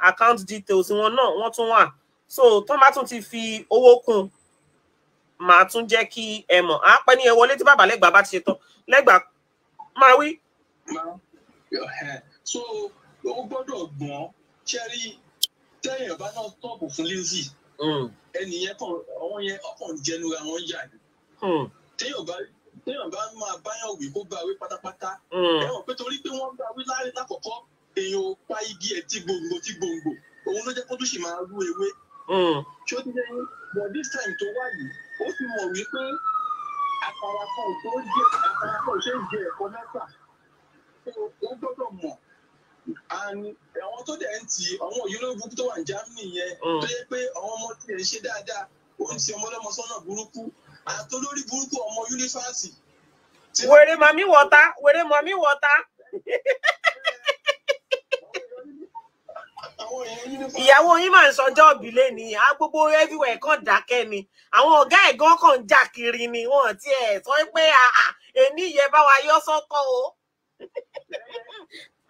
account details wọn náà wọ́n tún wà so tán bá tún ti fi owó kún màá tún jẹ́ kí ẹ mọ̀ á pẹ́ ní ẹ wọlé tí bàbá lẹ́gbàá bá ti ṣe tán lẹ́gbàá máa wí. so ó gbọ́dọ̀ gbọ́n ṣẹ́rí tẹ́yìn bá náà tọ́pù fún Lizzy Hmm. ẹnì yẹn kàn ọwọ́ yẹn ọkàn jẹnura wọn yà ni hmm. téèyàn bá téèyàn bá máa báyàn wí kó bá wí pátápátá hmm. ẹ̀wọ̀n pé torí pé wọ́n bá wí láyé lákọ̀ọ́kọ́ èèyàn pa igi ẹ̀ tí gbòǹgbò tí gbòǹgbò òun ló jẹ́ kó tún sì máa rú ewé tí ó ti jẹ́ but this time tó wá yìí ó ti mọ̀ wípé àkàrà kan ò tó jẹ́ àkàrà kan ò ṣe é jẹ ẹ̀kọ́ mẹ́fà ó gbọ́dọ̀ mọ̀ and àwọn tó dẹ̀ ń tì àwọn òyìnbó tó wà ní Germany yẹn mm. tó yẹ pé àwọn ọmọ tó yẹn ṣe dáadáa ó ń ti ọmọ ọlọ́mọ sọ́nà burúkú àtolórí burúkú ọmọ yunifásitì. wèrè màmí wọ̀ta wèrè màmí wọ̀ta. ìyàwó yín máa ń sọjọ́ ìbílẹ̀ ni a gbogbo everywhere kan dákẹ́ ni àwọn ọ̀gá ẹ̀gán kan ń jà kiri ni wọn ti ẹ̀ sọ pé èmi yẹ bá wa yọ sọ́kọ́ o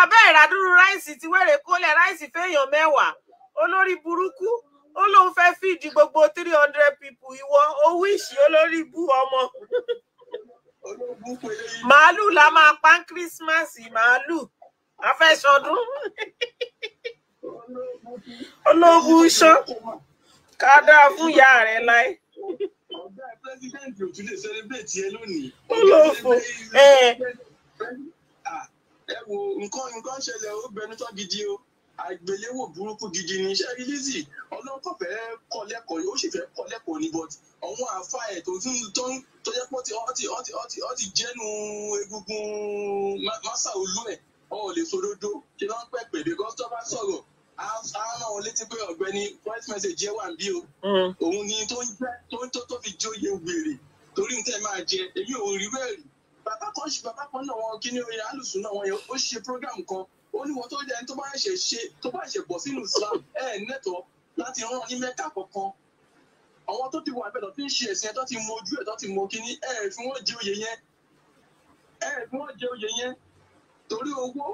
abẹ́ ìràdúró ráìsì ti wẹ́rẹ̀ kólẹ̀ ráìsì fẹ́yàn mẹ́wàá olórí burúkú ó lóun fẹ́ fíìdì gbogbo three hundred people ìwọ owó ìṣì olórí bú ọmọ màálù la máa pa ń kírísímàsì màálù a fẹ́ sọdún ológun iṣan ká dáa fún ìyá rẹ̀ láì ọ̀gá ó lọ fò ẹ. ẹ wo nǹkan nǹkan ṣẹlẹ̀ ó bẹnutọ́ gidi o àgbéléwò burúkú gidi ni iṣẹ́ rílíìsì ọlọ́kọ̀ fẹ́ kọ́ lẹ́kọ̀ọ́ yóò sì fẹ́ kọ́ lẹ́kọ̀ọ́ ní but àwọn àfa ẹ̀ tó tún tó yẹ pọ́ ti ọtí ọtí ọtí ọtí jẹ́nu egungun másà ẹ̀ ọ̀ lè sòdodo kí ló ń pẹ̀ pẹ̀ bí kọ́sítọ́mà sọ̀rọ̀ àwọn àwọn létí pé ọ̀gbẹ́ni voice message jẹ́ wà bí o mm. òun ni tó ń jẹ́ tó ń tó tó fi jóye wèrè torí n tẹ́ máa jẹ èmi ò rí wẹ́ẹ̀rì bàbá kan ṣe bàbá kan náà wọn kí ni oye alùsùn náà wọn yẹn ó ṣe program kan ó ní wọn tó jẹ tó bá ṣe ṣe tó bá ṣe bọ̀ sínú Islam ẹ̀ nẹ́tọ̀ láti rán ní mẹ́ka kọ̀ọ̀kan àwọn tó ti wà bẹ́ẹ̀ tó ti ń ṣe ẹ̀sìn ẹ̀ tó ti mọ ojú ẹ̀ tó ti mọ kíní ẹ̀ fi wọ́n jẹ oyè yẹn ẹ̀ fi wọ́n jẹ oyè yẹn torí owó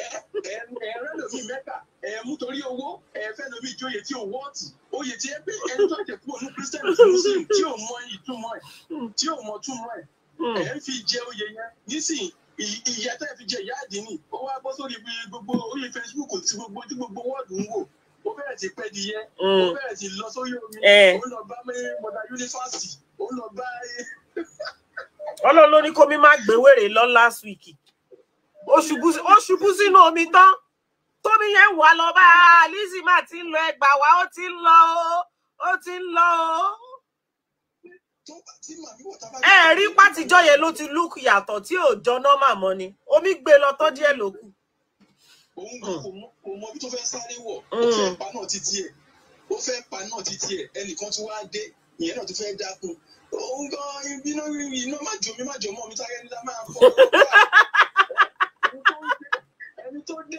ẹ̀rẹ́ lómi mẹ́ta ẹ̀mú torí owó ẹ̀fẹ́ lómi ìjòyè tí ò wọ́ọ̀tì oyè tí ẹ pé ẹni tó ẹ̀jẹ̀ kú òun kírísítẹ́nì sí muslim tí ò mọ ìtumọ̀ ẹ̀ tí ò mọ túmọ̀ ẹ̀ ẹ̀ ń fi jẹ oyè yẹn nísìnyí ìyá tẹ́ fi jẹ ìyá àdínì ó wá bọ́ sórí gbogbo orí Facebook tí gbogbo tí gbogbo wọ́ọ̀dù ń wò ó bẹ̀rẹ̀ sí pẹ́ di yẹ ó bẹ̀rẹ̀ sí lọ sórí omi ó lọ bá mọ́dà yunifásitì ó lọ bá. ọlọ́run ló ní kó mi má gbé wèrè lọ last week ó ṣubú sínú omi tán tómi yẹn wà lọ bá Lizzy má ti ń lọ ẹgbà wá ó ti ń lọ ó ti ń lọ ó ẹ rí pátijọ́ yẹn ló ti lúk yàtọ̀ tí ò jọ nọ́mà mọ́ ni omi gbé lọ tọ́ díẹ̀ ló kù. òun kò mọ bí tó fẹ́ sáré wọ̀ ó mm. fẹ́ pa náà títí ẹ̀ ó fẹ́ pa náà títí ẹ̀ ẹnìkan tó wáá dé ìyẹn náà tó fẹ́ dákun òun gan ibi náà iná má jò má jò mi tá a rẹ́ni máa fọ́ tó dé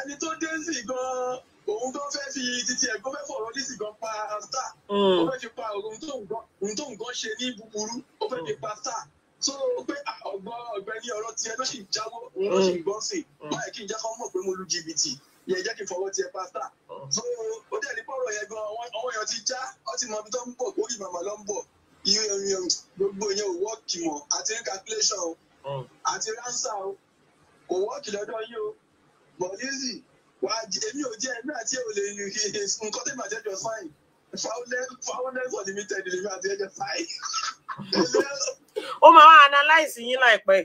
ẹni tó dé sí gan-an òun tó fẹ́ fi titi ẹ̀gbọ́n fẹ́ fọ̀rọ̀ ní sìgàn pa star mm. ó fẹ́ fi pa ohun tó nǹkan ṣe ní búburú ó fẹ́ fi mm. pa star so pé ọgbọ́n ọ̀gbẹ́ni ọ̀rọ̀ tiẹ̀ ló sì jáwọ́ òun ló sì mm. gbọ́n sí báyìí kí n jẹ́ kó mọ̀ pé mo lu jìbìtì yẹ jẹ́ kí n fọwọ́ tiẹ̀ pa star so ó dẹ̀ ní bọ́ọ̀rọ̀ yẹn gan ọwọ́ yẹn ti já ó ti mọ ibi tó ń bọ̀ orí màmá ló bọ̀lízì wà á jẹ èmi ò jẹ èmi àti ẹ ò lè nǹkan tẹ́mi àti ẹjọ́ sáyìn founders unlimited lèmi àti ẹjọ́ sáyìn. ó máa wá analyze yín láìpẹ́.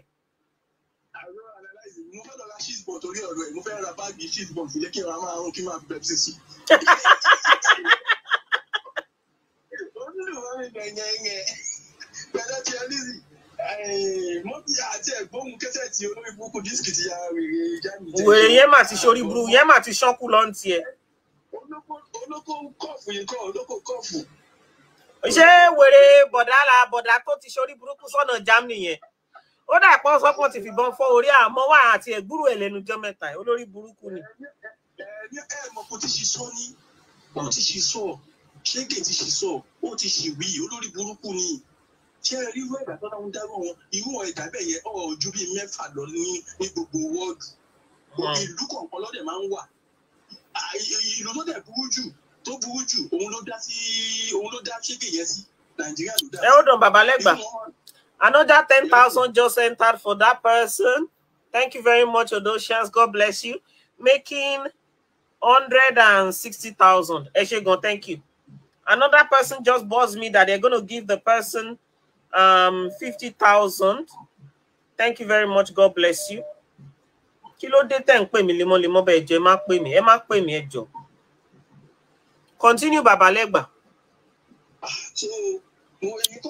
àwọn analyze mo fẹ́ lọ ra cheese bun torí ọ̀rọ̀ ẹ̀ mo fẹ́ ra báàgì cheese bun fìlẹ́ kí n ra máa rún kí n máa bẹ̀rẹ̀ sí sí. ó nílò wọn ní gbẹ̀ngẹ̀ngẹ̀ pẹ̀lú ti ẹ mọ́bí àti ẹ̀gbọ́n kẹsẹ̀ tí olórí burúkú dísìkì ti ya wèrè jáde. wèrè yẹn mà ti ṣorí buru, yẹn mà ti ṣánkú lọ́n tiẹ̀. olóko kọ́ọ̀fù yìí kọ́ olóko kọ́ọ̀fù. ṣé wèrè bọ̀dá la bọ̀dá tó ti ṣorí burúkú sọ́nà Germany yẹn ó dà pọ́ sọ́kàn ti fìbọn fọ́ orí àmọ́ wà àti ẹ̀gbúrú ẹ̀ lẹ́nu mẹ́ta olórí burúkú ni. ẹ mọ̀ kó ti ṣe sọ ni kó ti ṣe sọ ṣé kè ti ṣe sọ ṣé ẹ rí irú ẹ̀dá tó náà ń wọn irú ẹ̀dá bẹ́ẹ̀ yẹn ọ̀ ju bíi mẹ́fà lọ ní gbogbo wọ́ọ̀dù ìlú kọ̀ọ̀kan lọ́dẹ̀ máa ń wà ìlú tó burú jù tó burú jù òun ló dá sí òun ló dá ṣégè yẹn sí nàìjíríà ló dá. ẹ ó dàn bàbá lẹ́gbàá another ten thousand just entered for that person thank you very much odoshans god bless you making hundred and sixty thousand ẹ ṣé gan thank you another person just buzzed me that they're going to give the person um, 50,000. Thank you very much. God bless you. Kí ló dé tẹ̀ ń pè mí lemọ́lemọ́ bẹ́ẹ̀ jọ ẹ má pè mí ẹ má pè Continue Baba Legba. So mo èyí tó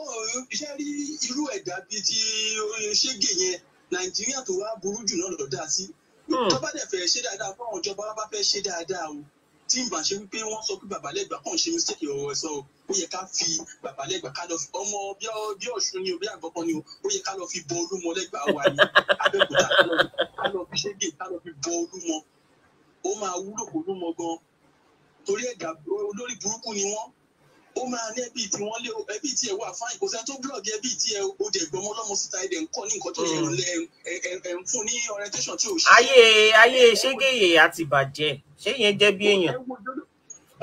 iṣẹ́ rí irú ẹ̀dá bíi ti eh, ṣége yẹn Nàìjíríà tó wá burú jù náà lọ́dà sí. Hmm. Tó bá dẹ̀ fẹ́ ṣe dáadáa fún àwọn ìjọba bá fẹ́ o tí n bá ṣe wípé wọ́n sọ pé bàbá kàn ṣe mistake ọ̀rọ̀ ẹ̀sọ́ o ó yẹ ká fi bàbá ká lọ fi ọmọ bí Ọ̀ṣun ni o àgbọ̀kan ni o ó yẹ ká lọ fi bọ Olúmọ lẹ́gbà wa ní Abẹ́òkúta ká lọ fi ṣégè ká lọ fi bọ Olúmọ ó máa wúlò Olúmọ gan torí ẹ̀dá olórí burúkú ni wọ́n ó máa ní ẹbí tí wọ́n lé ẹbí tí ẹ wà fáìn kò sẹ́ni tó blog ẹbí tí ẹ o dẹ̀ gbọmọ lọ́mọ síta ẹ̀ dẹ̀ ní nǹkan tó yẹ hmm. ẹ̀ ń fún ní orientation tí ò ṣe. ayé ayé ṣégeyè àti bàjẹ́ ṣé yẹn jẹ́ bí èèyàn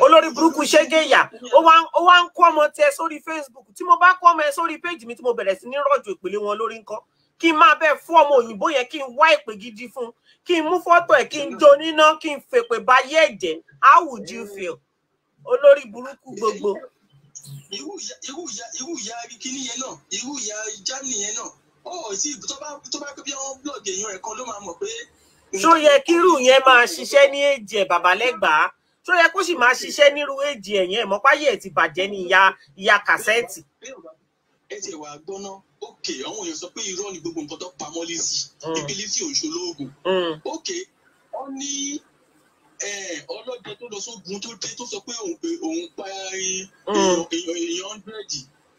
olórí burúkú ṣégeyà ó wá ń kó ọmọ tiẹ̀ sórí Facebook tí mo bá kó ọmọ ẹ sórí péjì mi tí mo bẹ̀rẹ̀ sí ní rọ̀jò ìpele wọn lórí ńkọ́ kí n máa bẹ́ẹ̀ fún ọmọ òyìnbó yẹn kí n wá ìpè gidi fún kí n mú fọ́tò ẹ̀ kí n jó níná kí n fèpè báyé ẹ̀jẹ̀ how would you feel olórí burúkú gbogbo irú ìyá irú ìyá irú ìyá kíní yẹn náà irú ìyá germany yẹn náà ó sì tó bá tó bá pé bí wọn blọọgì èèyàn ẹ kan ló máa mọ̀ pé. ṣó yẹ kírú yẹn máa ṣiṣẹ́ ní èjì ẹ̀ bàbá lẹ́gbàá ṣó yẹ kó sì máa ṣiṣẹ́ nírú èjì ẹ̀ yẹn mọ́páyé ẹ̀ ti bàjẹ́ ní ìyá ìyá kàsẹ́ẹ̀tì. ẹ ti wà gbọ́ná òkè àwọn èèyàn sọ pé irọ́ ni gbogbo nǹkan tó pamọ́ lé sí mm. ìbílẹ̀ sí òṣòlóògùn òkè mm. wọ́n ní ọlọ́dẹ tó lọ sógun tó dé tó sọ pé òun pa mm. èèyàn hundred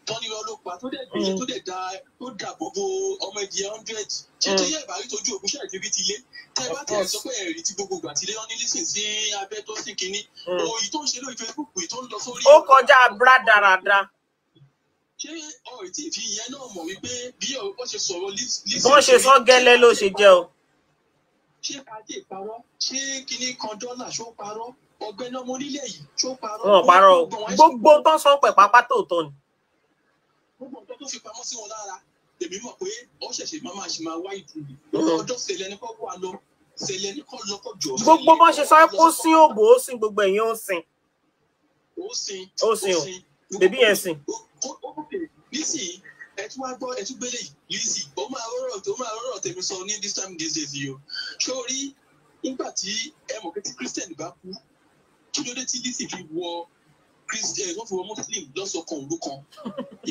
tọ́ni ọlọ́pàá tó dẹ̀ gbé mm. tó dẹ̀ da tó dà gbogbo ọmọ ẹ̀jẹ̀ hundred ṣé mm. tó yẹ ìbárí tójú òkú ṣáà débi ti lé tẹ bá tẹ̀lé sọ pé ẹ̀rí ti gbogbo gbà ti lé ọ́ní lísìn sí abẹ́ tó sì kínní òòyì tó ń ṣe lórí Facebook tó ń lọ sórí. ó kọjá abúlá dáradá. ṣé ọ̀rẹ́ tí ìfi ìyẹn náà mọ̀ wípé bí ọ̀ bọ́n ṣe sọ̀rọ̀ lísìn. bọ́n ṣe sọ gẹ́lẹ́ ló ṣe jẹ́ o ṣé pàdé ìparọ́ ṣé kinní kan dọ́là ṣó parọ́ ọ̀gbẹ́ni ọmọ onílẹ̀ yìí ṣó parọ́. wọn ò parọ́ gbogbo tán sọ pẹ pápá tòótọ́ ni. gbogbo nǹkan tó fi pamọ́ sí wọn lára èmi mọ̀ pé ó ṣẹ̀ṣẹ̀ máa máa ṣe máa wá ìtúlù ọjọ́ sẹlẹ̀ ní kọ́ wà lọ sẹlẹ̀ ní kọ́ lọ́kọ̀ jọ. gbogbo bọ́n ṣe sọ ẹ́ kó sín òbò ó sin gbogbo ẹ̀yìn ó sin. ó sin ó sin o bèbí yẹn sin. nísìnyí ẹ tún wá gbọ́ ẹ tún gbélé Lizzy ó máa rọrọ tó máa rọrọ tèmi sọ ní this time these days yìí o sórí nígbà tí ẹ mọ̀ pé tí Christian bá kú kí ló dé tí Lizzy fi wọ wọ́n fi wọ Muslim lọ́sọ̀kan òru kan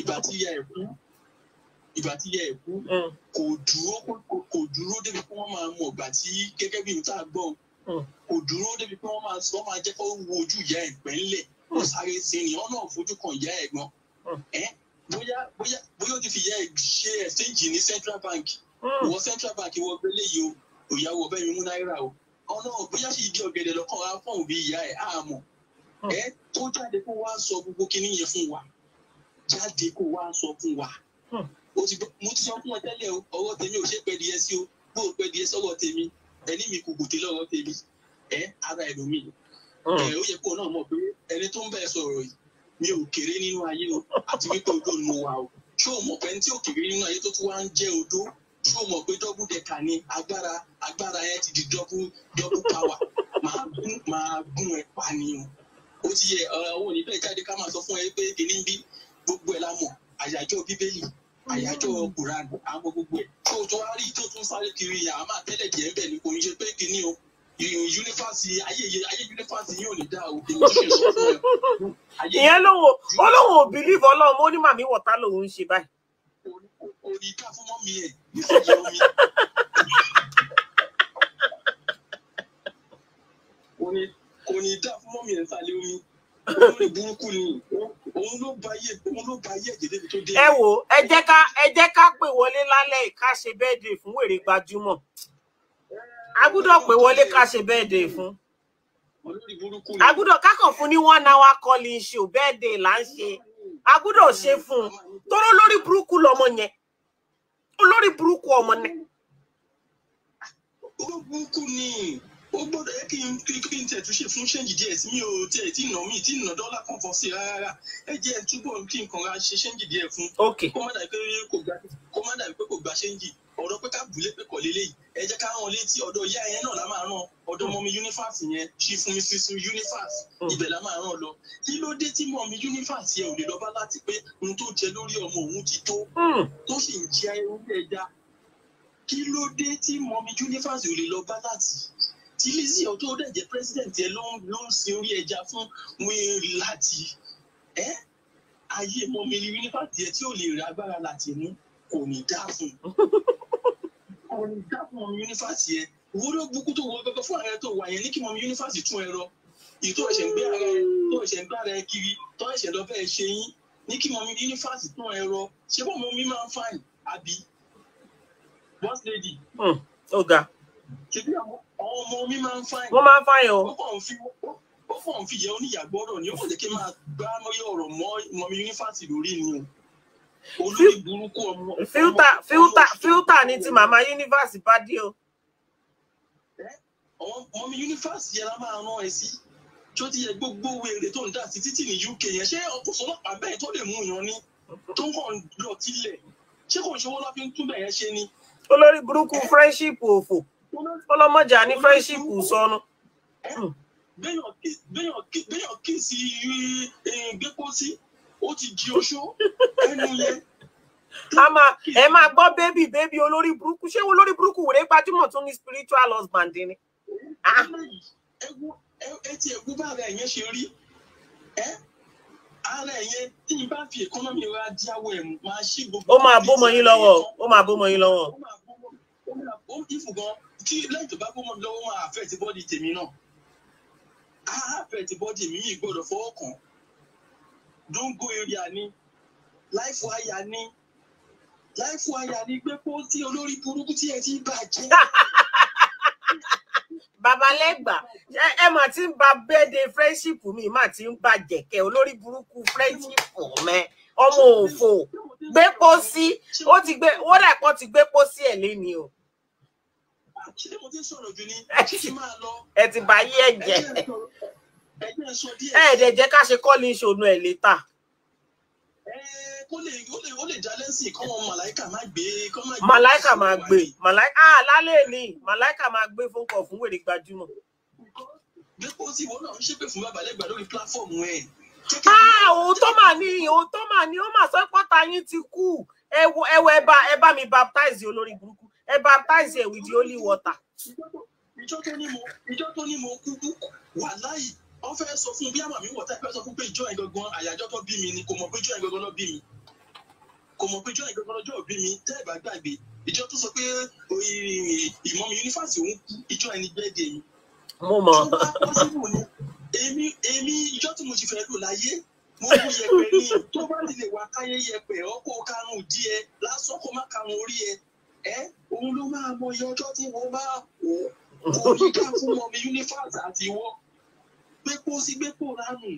ìgbà tí ìyá ẹ̀ kú ìgbà tí ìyá ẹ̀ kú mm. kò dúró kò dúró débi pé wọ́n máa mọ̀ ìgbà tí gẹ́gẹ́ bí ìta gbọ́ mm. kò dúró débi pé wọ́n máa jẹ́ kó wo ojú ìyá ẹ̀ pẹ́ ńlẹ̀ sáré sí ni wọ́n náà fojú kan ìyá ẹ̀ gan mm bóyá bóyá bóyá ó ti ya ṣe exchange ní central bank hmm. wọ central bank wọ gbélé yìí o òyàwó ọbẹ̀ mi mú náírà o ọ̀nà bóyá sì di ọ̀gẹ̀dẹ̀ lọ́kàn á fọ̀hún bí ìyá ẹ̀ á mọ̀ hmm. ẹ tó jáde kó wá sọ gbogbo kinní yẹn fún wa jáde kó wá sọ fún wa hmm. o ti gbọ́ mo ti sọ fún ọ tẹ́lẹ̀ o ọwọ́ tèmi ò ṣe pẹ́ di ẹ sí o bó o pẹ́ di ẹ sọ́wọ́ tèmi ẹni mi kò gòtè lọ́wọ́ tèmi ẹ ara ẹlòmíì ẹ ó yẹ kó náà mọ̀ pé ẹni tó ń bẹ̀ sọ̀rọ̀ yìí mi ò kéré nínú ayé o àti wípé odò ni mo wà o ṣé o mọ̀ pé ní tí ò kéré nínú ayé tó tún wá ń jẹ́ odò ṣé o mọ̀ pé double decker ni agbára agbára yẹn ti di double double power máa gún máa gún ẹ pa ni o ó ti yẹ owó níbẹ̀ jáde ká máa sọ fún ẹ pé kìíní ń bí gbogbo ẹ̀ la mọ̀ àyájọ́ bíbélì àyájọ́ Kùránì àwọn gbogbo ẹ̀ tó tún wá rí tó tún sáré kiri yàrá máa tẹ́lẹ̀ jẹ́ ń bẹ̀ kò ń ṣe pé kìíní o yunifásitì ayé ayé yunifásitì yóò lè dá òde mo ṣe sọ fún ẹ. ìyẹn lówó olówó ò bìlíìfù ọlọ́run ó ní màmí wọ̀tá lòun ń ṣe báyìí. orí ká fún mọ́mí ẹ̀ nísìnyí omi. kò ní dá fún mọ́mí ẹ̀ sálẹ̀ omi olórí burúkú ni òun ló ba yé òun ló ba yé jẹjẹrẹ tó dé. ẹ wo ẹ jẹ́ ká ẹ jẹ́ ká pè wọlé lálẹ́ ìka ṣe bẹ́ẹ̀ dè fún wèrè gbajúmọ̀ a gbúdọ̀ pé wọlé ká ṣe birthday fún a gbúdọ̀ kákàn fún ní one hour calling show birthday là ń ṣe a gbúdọ̀ ṣe fún un tóró lórí burúkú lọmọ yẹn olórí burúkú ọmọ náà. ó burúkú ni ó gbọ́dọ̀ yẹ kí n kí n tẹ̀ tún ṣe fún ṣẹ́ǹjì díẹ̀ sí mi ò tẹ̀ tí nà mí tí nà dọ́là kan fọ́ sí i rárá ẹ jẹ́ túbọ̀ kí n kàn ra ṣe ṣẹ́ǹjì díẹ̀ fún. ok kó má pé kò gba ṣẹ́ǹjì ọ̀rọ̀ pé ká bùlé pé kọ̀ lélẹ́yìí ẹ jẹ́ ká rán létí ọ̀dọ̀ ìyá yẹn náà la máa rán ọ̀dọ̀ hmm. mọ́mí unifas yẹn ṣí fún mi sísun unifas hmm. ibẹ̀ la máa rán lọ kí ló dé tí mọ́mí unifas yẹn ò lè lọ bá láti pé ohun tó jẹ lórí ọmọ òun ti tó hmm. tó sì ń jẹ orí ẹja kí dé tí mọ́mí unifas ò lè lọ bá láti tí Lizzy ọ̀tọ̀ ó dẹ̀ jẹ́ president yẹn ló ń sin orí ẹja fún wíńrì láti ẹ́ ayé mọ́mí unifas yẹn tí ò lè rí agbára láti mú kò ní dá fún un. àwọn oníṣẹ́ fún ọmọ yunifásitì yẹn wo ló bukú tó wọ gbẹgbẹ fún ààrẹ tó wà yẹn ní kí ọmọ yunifásitì tún ẹ lọ èyí tó ẹsẹ̀ ń gbé ara ẹ tó ẹsẹ̀ ń gbé ara ẹ kiri tó ẹsẹ̀ lọ bẹ́ẹ̀ ṣe yín ní máa ń fàìn àbí hmm, o. ó kàn ń fi yẹ oníyàgbọ́rọ̀ ni ó kàn jẹ́ kí n máa gbá mọ́yọ̀ ọ̀rọ̀ mọ́ ọmọ yunifásitì lórí ni o filta burúkú ọmọ. fíltà fíltà fíltà ni ti màmá yunifásitì bá dé o. ọmọ yunifásitì yẹn la máa rán ẹ sí tó ti yẹ gbogbo wèrè tó ń dà sí títì ní UK yẹn ṣé ọkọ sọlọpàá bẹ́ẹ̀ tó lè mú yàn ni tó ń kàn lọ tilẹ̀ ṣé kò ń ṣe wọn láfi ń túbẹ̀ yẹn ṣe ni. olórí burúkú friendship òfò ọlọmọjà ní friendship sọnù béèyàn kí sí gbépo sí ó ti jí oṣó ẹnu yẹn. a máa ẹ máa gbọ́ bébì bébì olórí burúkú ṣé olórí burúkú wòlé gbajúmọ̀ tó ní spiritual husband ni. ẹ ah. ti ẹ̀gbọ́n bá ara ẹ̀yẹn ṣe rí ara ẹ̀yẹn tí n bá fi economy ra jáwọ ẹ̀ máa ṣí gbogbo. ó máa bómọ yín lọ́wọ́ ó máa bómọ yín lọ́wọ́. ó ìfù gan tí lẹ́yìn tó bá bómọ lọ́wọ́ máa affect body tèmi náà á affect body mi mi gbọ́dọ̀ fọwọ́ kàn dungu area ni láìfù àyà ni láìfù àyà ni pé kó tí olórí burúkú tí ẹ ti bàjẹ́. babalẹ́gbà ẹ mà ti ń ba bẹ́ẹ̀dẹ̀ friendship mi mà ti ń bàjẹ́ kẹ olórí burúkú friendship mẹ ọmọ òfò gbé pósí ó ti gbé ó dà pọ̀ ti gbé pósí ẹ̀ lé o ẹ ti bá yí ẹ jẹ ẹ̀ẹ́dẹ̀ jẹ́ ká ṣe kọ́lé ìṣòro ẹ̀ létà. ó lè jalè sí i kọ́mọ màláìkà máa gbé. màláìkà máa gbé màláìkà ah lálẹ́ ni màláìkà máa gbé fún kọ̀ fún wèrè gbajúmọ̀. gbẹ́pọ̀ sí ìwọ náà ń ṣépè fún babalẹ́gbà lórí pílàfọ́ọ̀mù ẹ̀. òun tó mà ní òun tó mà ní ó mà sọ pọ́tà yín ti kú ẹ ẹ bá ẹ bá mi baptize olórí burúkú ẹ baptize ẹ with the holy water. ìjọ tó ní mo ìjọ kú wà láyìí wọ́n fẹ́ sọ fún bí àmàmí wọ̀ tá ẹ fẹ́ sọ fún pé ìjọ ẹ̀gangan àyájọ́ tó bí mi ni kò mọ̀ pé ìjọ ẹ̀gangan ló bí mi kò mọ̀ pé ìjọ ẹ̀gangan lọ́jọ́ òbí mi tẹ́ ẹ̀ bá gbàgbé ìjọ tó sọ pé ìmọ̀mí yunifásitì òun kú ìjọ ẹni gbẹ́dẹ̀ mi. mo mọ̀. èmi èmi ìjọ tí mo ti fẹ́ lò láyé mo mú yẹpẹ ní tó bá lè wà káyé yẹpẹ ọkọ karùn-ún díẹ̀ lásán kó má karùn orí ẹ ẹ òun ló máa mọ iye tí wọ́n máa wò kò yíká fún mọ̀mí yunifásitì àti wọ́n gbépo sí gbépo ránù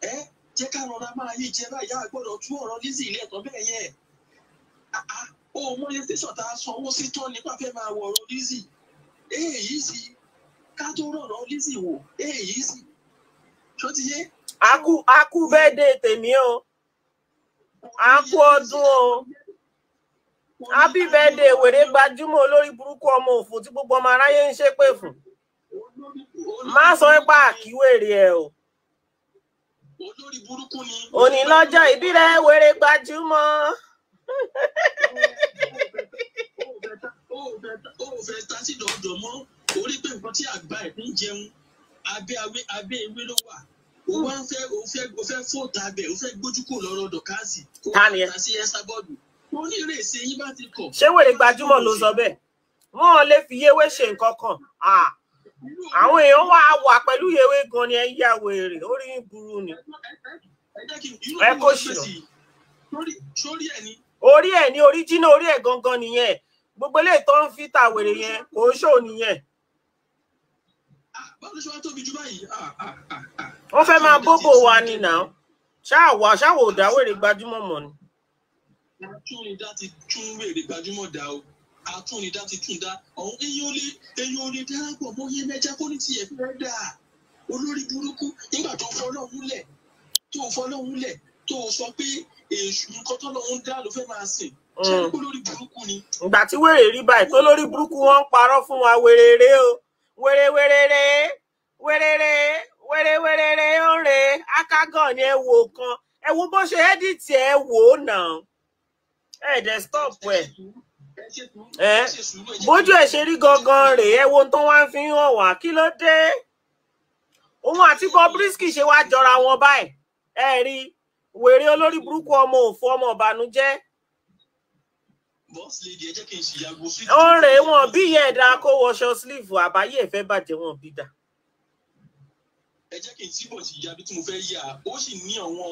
ẹ jẹ́ ká rọra máa yí jẹ báyìí a gbọ́dọ̀ tú ọ̀rọ̀ Lizzy ilé ẹ̀tọ́ bẹ́ẹ̀ yẹn o mọye tẹsán tá a sanwó sí tán nípa fẹ́ máa wọ ọ̀rọ̀ Lizzy èyí sì ká tó rọ̀rọ̀ Lizzy wò èyí sì tó ti yé. akú akú bẹ́ẹ̀ dé tèmi o akú ọdún o happy birthday wèrè gbajúmọ̀ olórí burúkú ọmọ òfò tí gbogbo ọmọ aráyé ń ṣépè fún má sọ pé àkíwèrè ẹ o olórí burúkú ni. òní lọ́jọ́ ìbí rẹ̀ wéré gbajúmọ̀. ó fẹ́ tásí dọ̀dọ̀ mọ́ orí pé nǹkan tí àgbà ẹ̀ ń jẹun abẹ́ awé abẹ́ ewé ló wà ó wá ń fẹ́ ó fẹ́ ó fẹ́ fòtà abẹ́ ó fẹ́ gbójú kò lọ́rọ̀ dọ̀kásì kó wọ́n ta sí ẹ́sà bọ́ọ̀dù ó ní ìrèsè yín bá ti kọ̀. ṣé wèrè gbajúmọ̀ ló sọ bẹ́ẹ̀ wọ́n lè fi yéwé ṣe nǹkan kan àwọn èèyàn wá wà pẹ̀lú yèwé gan ni ẹ ń yà wèrè orí burú ni ẹ kò ṣìnà orí ẹ ní oríjínà orí ẹ gangan nìyẹn gbogbo eléyìí tó ń fi ta wèrè yẹn kò ń ṣòwò nìyẹn. wọ́n fẹ́ máa bóbò wa ni nà ṣáàwọ̀ ṣáàwọ̀ ò dáwèrè gbajúmọ̀ mọ́ ni. kí atúnidá ti tún dá ọ̀hún eyín ó lé eyín ó lé dáàbọ̀ mọ́ yé mẹ́já kó ní tiẹ̀ fẹ́ dà olórí burúkú nígbà tó fọ́ lọ́hún lẹ̀ tó fọ́ lọ́hún lẹ̀ tó sọ pé èṣù nǹkan tó lọ́hún dá ló fẹ́ máa sìn mm. ṣé olórí burúkú ni. ìgbà tí wèrè rí báyìí tó lórí burúkú wọn ń parọ́ fún wa wèrèrè o wèrè wèrèrè wèrèrè wèrè wèrèrè ó ń akágàn ni ẹ wò kan ẹ wo bó ṣe ẹ́dìtì ẹ wò ó nà ẹ̀ dẹ̀ stop ẹ̀. Well bójú ẹ̀ ṣe rí gangan rèé ẹ wo ohun tó wá ń fi hàn wá kí ló dé òun àti Bobrisky ṣe wá jọra wọn báyìí ẹ rí wèrè olórí burúkú ọmọ òfò ọmọ ìbànújẹ́ ó ń rèé wọn bí ìyá ẹ̀dá kó wọṣọ sílíìfù àbáyé ìfẹ́ bàjẹ́ wọn bí dà ẹ jẹ́ kí n síbọ̀ sí ibi tí mo fẹ́ yà ó sì ní àwọn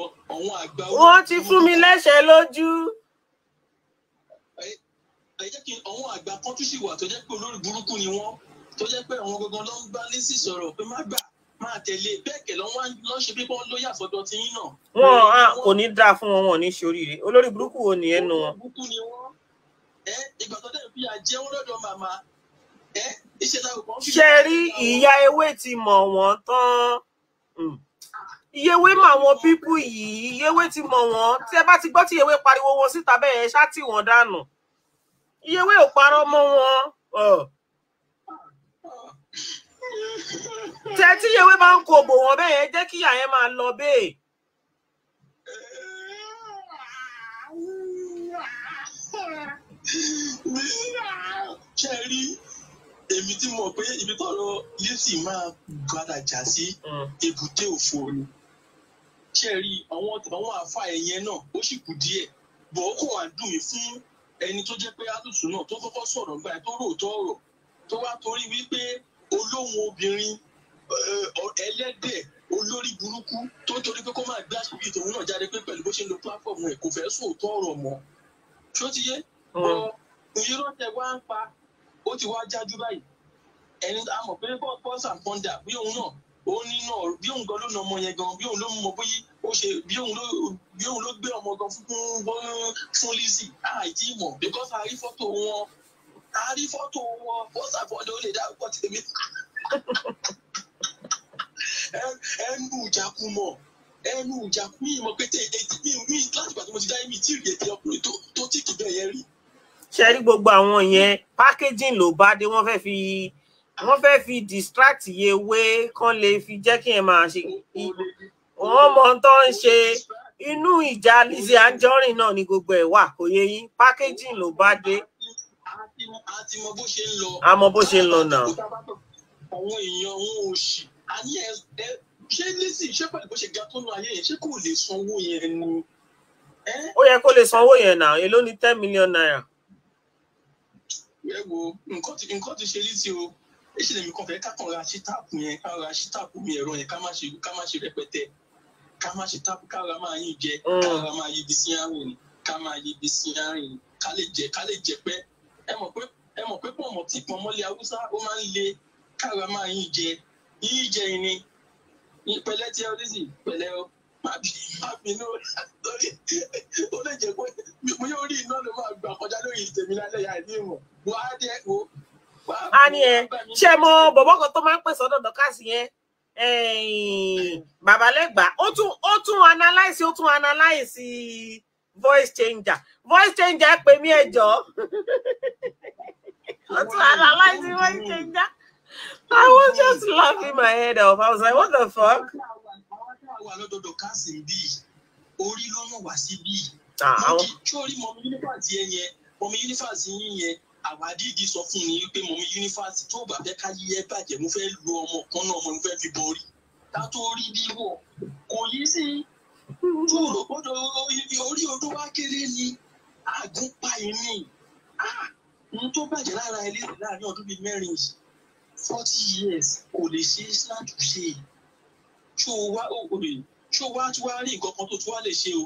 àgbà. wọ́n ti fún mi lẹ́sẹ̀ lójú ẹ jẹ́ kí àwọn àgbà kan tún sì wà tó jẹ́ pé olórí burúkú ni wọ́n tó jẹ́ pé àwọn gangan ló ń bá Lizzy sọ̀rọ̀ pé má gbà máa tẹ̀lé bẹ́ẹ̀ kẹ̀ lọ́wọ́ ló ń ṣe bí wọ́n lóyà sọ́dọ̀ tí yín náà. Ah, wọn a kò ní dáa fún wọn wọn ní ṣe oríire olórí burúkú wo ni ẹnu wọn. burúkú ni wọn ẹ ìgbà tó dẹ̀ fi àjẹ́ wọn lọ́dọ̀ màmá ẹ ìṣẹ̀lẹ̀ òkú. ṣe rí ìyá ewé ti mọ̀ wọ́n tán hmm. yewé mọ àwọn pípù yìí yewé ti mọ̀ wọ́n tí ẹ bá ti gbọ́ tí yewé pariwo wọn síta bẹ́ẹ̀ ṣá tì wọ́n dànù iyewé ò parọ́ mọ́ wọn tẹ tí iyewé bá ń kó bò wọn bẹ́ẹ̀ yẹn jẹ́ kí ìyá yẹn máa lọ bẹ́ẹ̀. kẹrí èmi tí mo pé ibi tọrọ Lizzy máa gbàdà já sí hmm. èbúté òfo ni kẹrí àwọn àwọn àfa ẹyẹ náà ó sì kù díẹ̀ bọ ó kò mí fún ẹni tó jẹ́ pé alùsùn náà tó kọ́kọ́ sọ̀rọ̀ nígbà tó ròótọ́ ọ̀rọ̀ tó wá torí wípé olóhùn obìnrin ẹlẹ́dẹ̀ olórí burúkú tó ń torí pé kó máa gbé àṣírí ìtòun náà jáde pé pẹ̀lú bó ṣe ń lo platform ẹ̀ kò fẹ́ sòótọ́ ọ̀rọ̀ mọ́ ṣó ti yé mm. irọ́ tẹ wá ń pa ó ti wá jájú báyìí ẹni a mọ̀ pé bọ́ọ̀sà ń pọ́ndà bí òun náà òun nínú bí òun gan ló na ọmọ yẹn gan bí òun ló mọ bóyí ó ṣe bí òun ló bí òun ló gbé ọmọ gan fún fún Lizzy àìjí mọ̀ because a rí fọ́tò wọn a rí fọ́tò wọn ó ṣàfọdọ̀ ó lè dárúkọ tèmi ẹnu ìjàkú mọ̀ ẹnu ìjàkú mi mọ̀ pé tẹ ètí mi mi láti gbà tí mo ti dá èmi tí ìrètí ọkùnrin tó tí kìí bẹ̀yẹ rí. ṣe rí gbogbo àwọn yẹn packaging ló bá dé wọ́n fẹ́ fi wọ́n fẹ́ fi distract Yewé kán lè fi jẹ́ kí ẹ máa ṣe wọ́n mọ tó ń ṣe inú ìjà Lizzie Anjorin náà ni gbogbo ẹ̀ wà kò yé yín packaging ló bá dé àmọ́ bó ṣe ń lọ náà. àwọn èèyàn òun ò ṣì á ní ẹ ṣé Lizzie ṣé pẹ̀lú bó ṣe ga tó nu ayé yẹn ṣé kò lè sanwó yẹn ni. ó yẹ kó lè sanwó yẹn náà èló ni ten million naira. ẹ wo nǹkan ti ṣe Lizzie o èsì lèmi kàn fẹ́ ká kàn ra ṣí táàpù yẹn ká ra ṣí táàpù mi ẹ̀rọ yẹn ká má ṣe ká má ṣe rẹpẹtẹ ká má ṣe táàpù ká ra máa yín jẹ ká mm. ra máa yí ibi sí àárín ni ká máa yí ibi sí àárín ni ká lè jẹ ká lè jẹ pé ẹ mọ̀ pé ẹ mọ̀ pé pọ̀nmọ́ tí pọ̀nmọ́lé haúsá ó máa ń le ká ra máa yín jẹ yín jẹ ni pẹ̀lẹ́ tí ẹ rísì pẹ̀lẹ́ o má bínú lórí ó lè jẹ pé mo yóò rí iná ló máa gbà kọjá lórí ìtẹ̀mí lálẹ́ yà ní ìmọ̀ buhari ẹ̀ a ẹ ṣe mọ bọ̀bọ́ kan tó máa ń pèsè ọ̀dọ̀ dọ́kàsì yẹn babalẹ́gbà ó tún ó tún analyze ó tún analyze voice changer voice changer pè mí ẹjọ́ ó tún analyze voice changer I was just laughing my head off I was like what the fuck. Ah, àwọn àwa dídì sọ fún mi pé mo mi yunifásitì tó bá fẹ́ ká yí ẹ bàjẹ́ mo fẹ́ lu ọmọ kan náà mo fẹ́ fi borí ká tó rí bí wọ̀ kò yí sí tó rò gbọ́dọ̀ orí odó wá kéré ni àgúnpá ìní n tó bàjẹ́ lára ilé rẹ̀ láàrin ọdún bíi mẹ́rin yìí forty years kò lè ṣe é ṣàtúnṣe ṣó wá ṣó wá tí wàá rí nǹkan kan tó tún wá lè ṣe o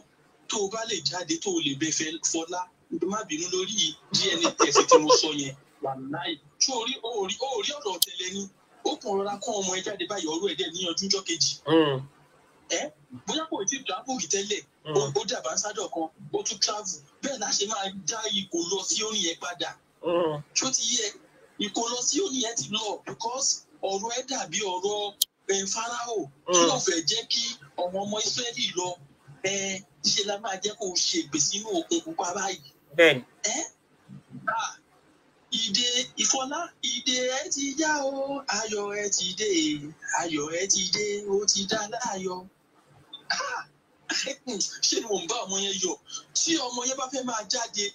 tó o bá lè jáde tó o lè bẹ fọlá má bínú lórí DNA test tí mo sọ yẹn wàláì tó rí òórí òórí ọ̀rọ̀ tẹ̀lé ni ó kàn rọra kọ́ ọmọ ẹ jáde báyìí ọ̀rọ̀ ẹ̀ dẹ̀ níyanjú jọ́ kejì hmm. ẹ bóyá kò tí travel tẹ́lẹ̀ hmm. ó dàbà ń sádọ̀ kan ó tún travel bẹ́ẹ̀ la ṣe máa dá ikò lọ sí orin yẹn padà tó hmm. ti yẹ ikò lọ sí orin yẹn ti lọ because ọ̀rọ̀ ẹ dàbí ọ̀rọ̀ farao tí wọ́n fẹ́ jẹ́ kí ọmọ ọmọ Ísírẹ́lì lọ ẹ ṣe la máa jẹ́ kó o ṣègbè sínú òkun pupa báyìí bẹ́ẹ̀ni. ìdè ìfọlá ìdè ẹ ti já o ayọ̀ ẹ ti dé ayọ̀ ẹ ti dé ó ti dá láyọ̀ ṣé ni mò ń bá ọmọ yẹn yọ tí ọmọ yẹn bá fẹ́ máa jáde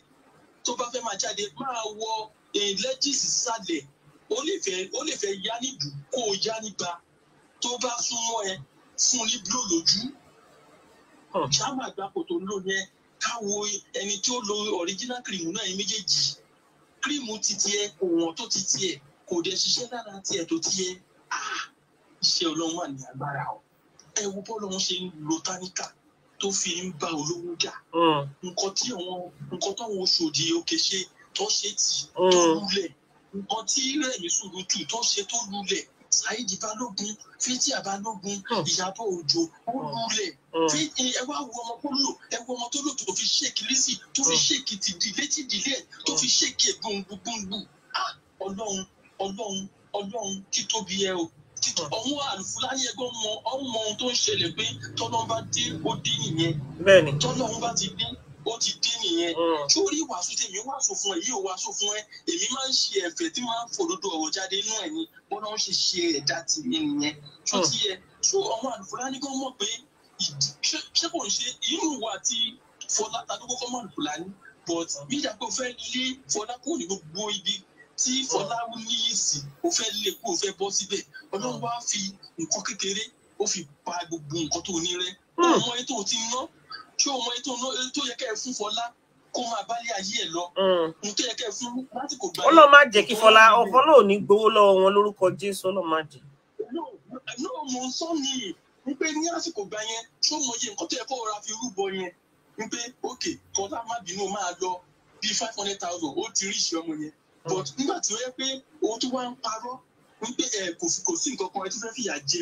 tó bá fẹ́ máa jáde máa wọ lẹ́jìsì sálẹ̀ ó lè fẹ́ ó lè fẹ́ yá nídùú kó o yá nígbà tó bá súnmọ́ ẹ fún ní bló lójú hmm. ṣáà máa gbà kó tó yẹn ká wo ẹni tí ó lo original cream náà méjèèjì cream ti tiẹ̀ kò wọ́n tó ti tiẹ̀ kò dẹ̀ ṣiṣẹ́ lára tiẹ̀ tó tiẹ̀ ah! iṣẹ́ ọlọ́run wà ní agbára o ẹ wo bọ́ọ̀lù wọn ṣe ń lo táníkà tó fi ń bá olówó jà hmm. nǹkan tí àwọn nǹkan táwọn oṣòdì òkè ṣe tó ṣe tì tó hmm. lulẹ̀ nǹkan tí rẹ̀mí sùúrù tù tó ṣe tó lulẹ̀ saheed balógun fíjì balógun ìyàbọ̀ òjò ó lulẹ̀ ẹ wá wo ọmọ tó lò ẹ wo ọmọ tó lò tó fi ṣèkì lizzy tó fi ṣèkì tìdílé tìdílé tó fi ṣèkì egbòǹgbòǹgbò ah, ọlọ́run ọlọ́run ọlọ́run títóbi ẹ o ọ̀hún àlùfáàyè ẹgbẹ́ ọmọ ọmọ ohun tó ń ṣẹlẹ̀ pé tọ́lọ́ bá dé ó dé nìyẹn tọ́lọ́ bá ti dé ó ti dé nìyẹn hmm. tí orí wàásù tèmi wàásù fún ẹ yìí ò wàásù fún ẹ èmi máa ń ṣe ẹ̀fẹ̀ tí máa ń fòdodo ọ̀rọ̀ jáde inú ẹ ni bọ́lá ń ṣe ṣe ẹ̀dá tèmi nìyẹn tó hmm. ti yẹ tó àwọn àlùfáàní kan mọ̀ pé ṣé kò ń ṣe irú wa ti Fọlá tàdúgbò kọ́ mọ̀ àlùfáàní but bíjà pé o fẹ́ lé Fọlá kúrò ní gbogbo ibi tí hmm. Fọlá níyì sí o fẹ́ lé kó o fẹ́ bọ́ síbẹ̀ ọlọ́run wá fi nǹkan kékeré ó fi pa gbogbo nǹkan tó ní rẹ ọmọ ètò ti ná ṣé o mọ ètò tó yẹ kẹ́ ẹ fún Fọlá kó máa bálé ayé ẹ lọ hmm. ní tó yẹ kẹ́ ẹ fún lásìkò gbà. ó lọ má jẹ́ kí Fọlá ọkọ náà ò ní gbowó lọ́wọ́ wọn lórúkọ Jésù ó lọ má jẹ́. náà mò ń sọ nìyí wípé ní àsìkò gbà yẹn ṣé o mọ nǹkan tó yẹ kó ra fi rúbọ yẹn wípé òkè Fọlá má bínú máa lọ bíi five hundred thousand ó ti ríṣì ọmọ yẹn hmm. but nígbà tí ó yẹ pé òun tó wá ń parọ́ wípé ẹ kò kò sí nǹkan kan ẹ tó fẹ́ fìyà jẹ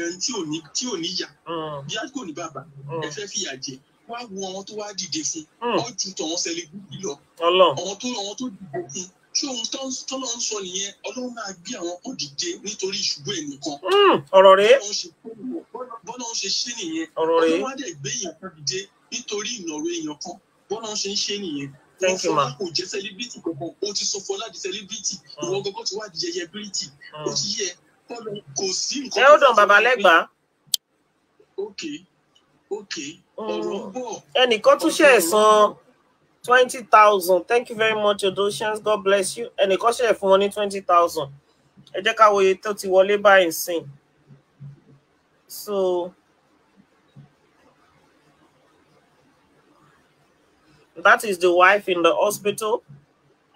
tí ò ní yà hmm. bí a ní bàbá ẹ fẹ́ fìyà jẹ wá wo àwọn tó wá dìde fún hmm. ọ ju tọ̀wọ́n sẹlẹ̀gbìtì lọ àwọn tó àwọn tó dìde fún ṣé ohun tọ́lọ́ ń sọ nìyẹn ọlọ́run máa gbé àwọn kan dìde nítorí ìṣubú ẹnìkan. Hmm, ọ̀rọ̀ rẹ̀ bọ́lá ń ṣe ṣé nìyẹn ọ̀rọ̀ rẹ̀ ọlọ́run á gbé èèyàn kan dìde nítorí ìnọ̀rọ̀ èèyàn kan bọ́lá ń ṣe ń ṣe nìyẹn thank you ma kò jẹ́ sẹlẹbírìtì kankan o ti sọ fọlá di sẹlẹbírìtì hmm. ìwọ gbogbo ti wá di yẹyẹ bírìtì o ti yẹ kọlọ kò sí nǹkan. ẹ ó dàn bàbá lẹ́gbàá. ẹnìkan tún ṣe ẹ̀san twenty thousand thank you very much odosians god bless you ẹnìkan it fún wọn ní twenty thousand ẹ jẹ́ ká wo iye tó ti wọlé and sìn so. That is the wife in the hospital.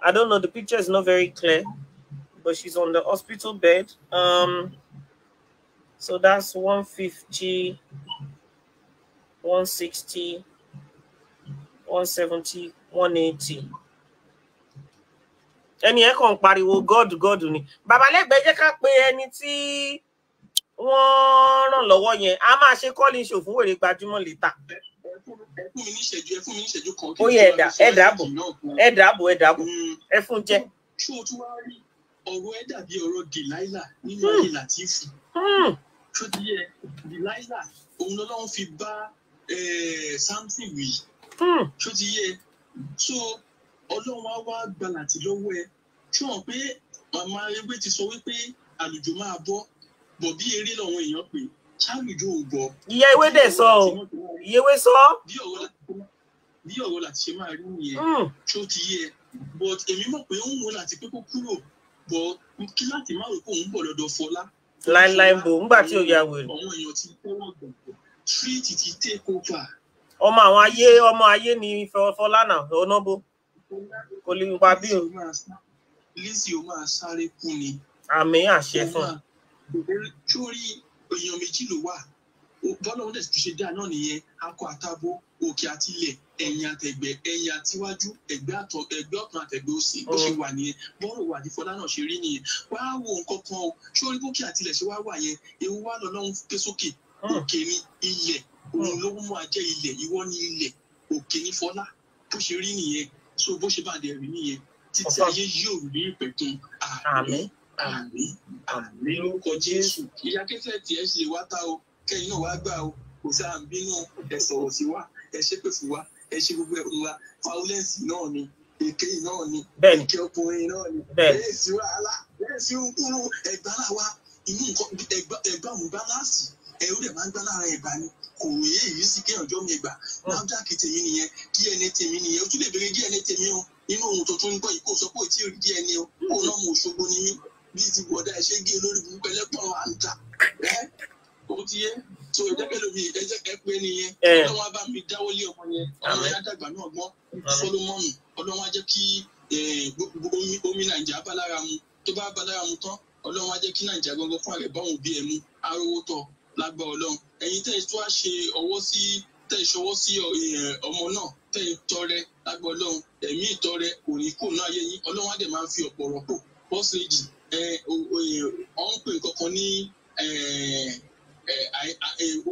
I don't know, the picture is not very clear, but she's on the hospital bed. Um, so that's 150 160, 170, 180. Ẹni ẹ̀ kàn ń pariwo God God ni. Babalẹ́gbẹ̀ẹ́ jẹ́ ká pé ẹni tí wọ́n ràn lọ́wọ́ yẹn. A máa ṣe kọ́lì ṣò fún wèrè gbajúmọ̀ létà. Ó yeah, ẹ̀dà ẹ̀dà bò ẹ̀dà bò ẹ̀dà bò ẹ fún hmm. jẹ́. Ṣé o tún wá rí ọ̀rọ̀ ẹ̀ dàbí ọ̀rọ̀ Delilah nínú hmm. ayé Latifu? Hmm. Ṣé o ti yẹ Delilah òun lọ́lọ́run fi bá Eh, something wì hmm. ṣó ti yé so ọlọ́run á wá gbalàtì lọ́wọ́ ẹ ṣó hàn pé màmá ewé ti sọ wípé àlùjò máa bọ́ bọ̀ bí eré lọ́wọ́ èèyàn pé ṣáàlùjò ò bọ̀. ìyá ewé dẹ̀ sọ o ìyá ewé sọ. bí ọ̀rọ̀ láti ṣe máa rí nìyẹn hmm. ṣó ti yé but èmi mọ̀ pé òun wò láti pé kó kúrò bọ̀ kí láti má rò pé òun bọ̀ lọ́dọ̀ fọlá. láéláé bò ń gbà tí ò yà wèrè. àwọn èèyàn ti tẹ́wọ̀ gbọ̀ngàn treat it, it take over. ọmọ àwọn ayé ọmọ ayé ni fọlánà ọ̀nàbó kò lè pa bí o. Lizzy o máa sáré kú ni. àmì àṣẹ fún un. èèyàn méjì ló wà bọ́lá ọ̀hún dẹ̀sí ṣe dáa náà nìyẹn akọ àtàbọ̀ òkè àti ilẹ̀ ẹ̀yìn àtẹ̀gbẹ́ ẹ̀yìn àtiwájú ẹ̀gbẹ́ ọ̀tún àtẹ̀gbẹ́ òsì bó ṣe wà nìyẹn bọ́rọ̀ wà ní fọlá náà ṣe rí nìyẹn wàá wo nǹkan kan o sórí bókè àti ilẹ̀ ṣe wá wà yẹn ewu wà lọ́lọ́run pé sókè òkè ni ilẹ̀ òun ló mú ajẹ́ ilẹ̀ ìwọ ni ilẹ̀ òkè ni fọlá bó ṣe rí nìyẹn so bó ṣe bá dẹ̀ rí nìyẹn títí ayé yóò rí ìpẹ̀kun àmín àmín àmín lórúkọ Jésù ìyá kẹsẹ̀ tiẹ̀ ṣe wá tá o kẹ́yìn náà wá gbà o kò sáà ń bínú ẹ sọ̀rọ̀ sí wa ẹ ṣépè fún wa ẹ ṣe gbogbo ẹ̀ fún wa violence náà ni èké náà ni èké ọkùnrin náà ni bẹ́ẹ̀ sí wàhálà bẹ́ẹ̀ sí nkúrú ẹ̀gbá làwa inú nǹkan ẹ̀gbá òun bá láàsì ẹ̀rú rẹ̀ máa ń gbá lára ẹ̀gbá ni kò yé èyí sí kí ọjọ́ mi gbà hmm. NAFDAC tèmi nìyẹn DNA tèmi nìyẹn o tún lè béèrè DNA tèmi o nínú ohun tó tún ń gbọ́ yìí kò sọ pé òtí rí DNA o kò náà mọ̀ Òṣogbo ni mí bí ti wọ̀dà ẹ̀ṣẹ́ gé lórí burúkú ẹlẹ́pọ̀n à ń tà ẹ́ o ti yé tó ẹ̀jẹ̀ pẹ̀lú mi ẹ̀jẹ̀ ẹ pé nìyẹn ọlọ́wọ́n bá mi dáwọ́ lé ọmọ yẹn àwọn yẹn á dàgbà náà gbọ́n Solomon ọlọ́wọ́n á jẹ́ kí eh, omi Nàìjíríà bá lára mu tó bá bá lára mu tán ọlọ́wọ́n á jẹ́ kí Nàìjíríà lágbá Ọlọ́run ẹ̀yin tẹ́ tó wá ṣe ọwọ́ sí tẹ́ ṣọwọ́ sí ọmọ náà tẹ́ tọrẹ lágbá Ọlọ́run ẹ̀mí ìtọrẹ kò kò náà ayé yín Ọlọ́run á dẹ̀ máa fi ọ̀pọ̀ rọ́pò bọ́sì lèjì ọ̀hún pè kankan ní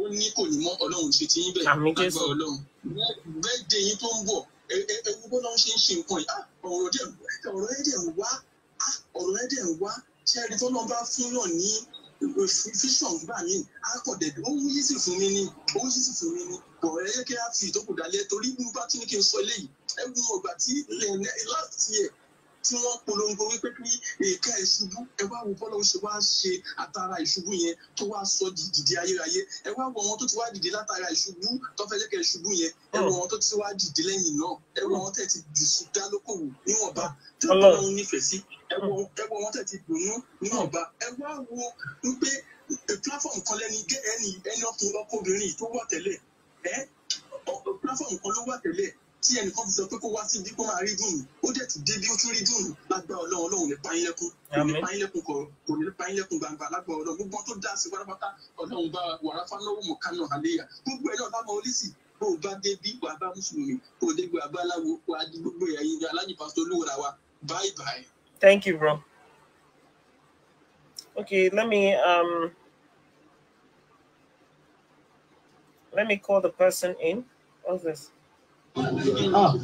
ó ní kò ní mọ́ Ọlọ́run ṣe ti yín bẹ̀ lágbá Ọlọ́run bẹ́ẹ̀ dé yín tó ń bọ̀ ewu bó náà ṣe ń ṣe nǹkan yìí ah, ọ̀rọ̀ ẹ̀dẹ̀ ń wá ah, ọ̀rọ̀ ẹ̀dẹ̀ ń wá ṣẹ́ẹ́rì tó náà bá fún yàn ní fíṣàn gbà mí akọ̀dẹ̀dẹ̀ ó ń yíṣì fún mi ni ó ń yíṣì fún mi ni bọ̀ ẹ yẹ kí a fi ìtòkù dalẹ̀ torí bí mo bá tún ní kí n sọ eléyìí ẹ wù ọgbà tí last year tí wọ́n polongo wípé kí èka ìṣubú ẹ wá wo bọ́lá oṣù wá ṣe àtàrà ìṣubú yẹn tó wá sọ di dìde ayérayé ẹ wá wo àwọn tó ti wá dìde látara ìṣubú tó fẹ́ jẹ́kẹ̀ ìṣubú yẹn ẹ wo oh. àwọn tó ti wá dìde lẹ́yìn náà ẹ wo àwọn tẹ̀ ti jùsù dá lókòwò níwọ̀nba tó bá wọn nífẹ̀ẹ́ sí ẹ wo àwọn tẹ̀ ti dùnú níwọ̀nba ẹ wá wo wípé platform kan lẹ́ni ẹni ọkùnrin ọkùnrin tó wà tẹ́lẹ̀ ẹ platform kan ló wà tẹ́lẹ̀ tí fi sọ pé kó wá kó máa rí dùn ó dẹ̀ tún débi ó tún rí dùn lágbá ọlọ́run ọlọ́run ní pàyínlẹ́kùn kò ní pàyínlẹ́kùn kọ̀ kò ní pàyínlẹ́kùn gbangba lágbá ọlọ́run gbogbo tó dá sí pátápátá ọlọ́run bá wàrà fanáwó mọ̀ kánà àléyà gbogbo ẹ̀ náà lámọ̀ olísì bó o bá débi mùsùlùmí bó o tun ri dun lagba olorun olorun ko ko ko gbangba lagba olorun gbogbo to da si patapata olorun ba wara aleya gbogbo e naa olisi o ba debi waa ba musulumi o debi waa ba alawo waa di gbogbo alájì pásítọ̀ wa bye bye. Thank you, bro. Okay, let me um let me call the person in. What's this? ah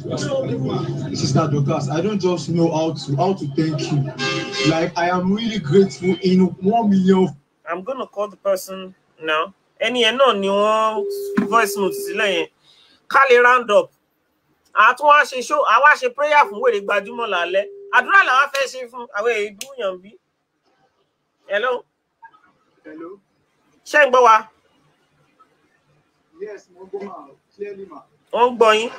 sister dorcas i don't just know how to how to thank you like i am really grateful in one million. i'm gonna call the person now Any yẹn náà ni voice notes sílẹ̀ yẹn ká round up I àtún wá ṣe show I àwa ṣe prayer fún wèrè gbajúmọ̀ lálẹ́ àdúrà làwa fẹ́ ṣe face àwọn Away, dúnyàn bí. hello. hello. ṣé wa. yes mo gbọ́ ma clearly ma ó ń gbọ́ yín.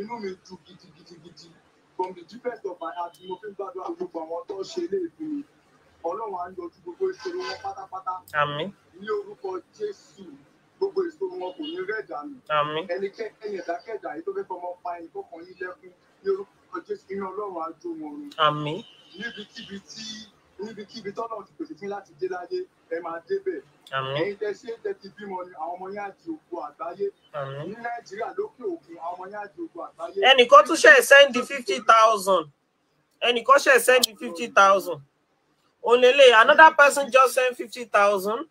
inú mi dùn gidigidigidi from the deepest of my heart mo fi ń gbàdúrà gbogbo àwọn tó ṣe ilé ìfún mi ọlọ́run á yọjú gbogbo ìṣòro wọn pátápátá ní orúkọ jésù gbogbo ìṣòro wọn kò ní rẹ̀ dànù ẹnikẹ́ni ẹ̀dákẹ́dà yìí tó fẹ́ fọmọ pa ẹ̀kọ́ kan yín lẹ́kún ní orúkọ ọlọ́run á jó wọn run. àmín. níbikíbi tí níbikíbi tọ́lọ̀ ti pèsè fún láti dé láyé ẹ máa débẹ̀. àmín. ẹ̀yin tẹ ṣé tẹ ti bímọ ni àwọn ọmọ yẹn á di ògo àgbáyé. àmín. ní nàìjíríà lókè òkun àwọn ọmọ yẹn á di ògo àgbáyé. ẹnìkan tún ṣe sẹ́ndì fifty thousand ẹnìkan ṣe sẹ́ndì fifty thousand onlele another person just send fifty thousand.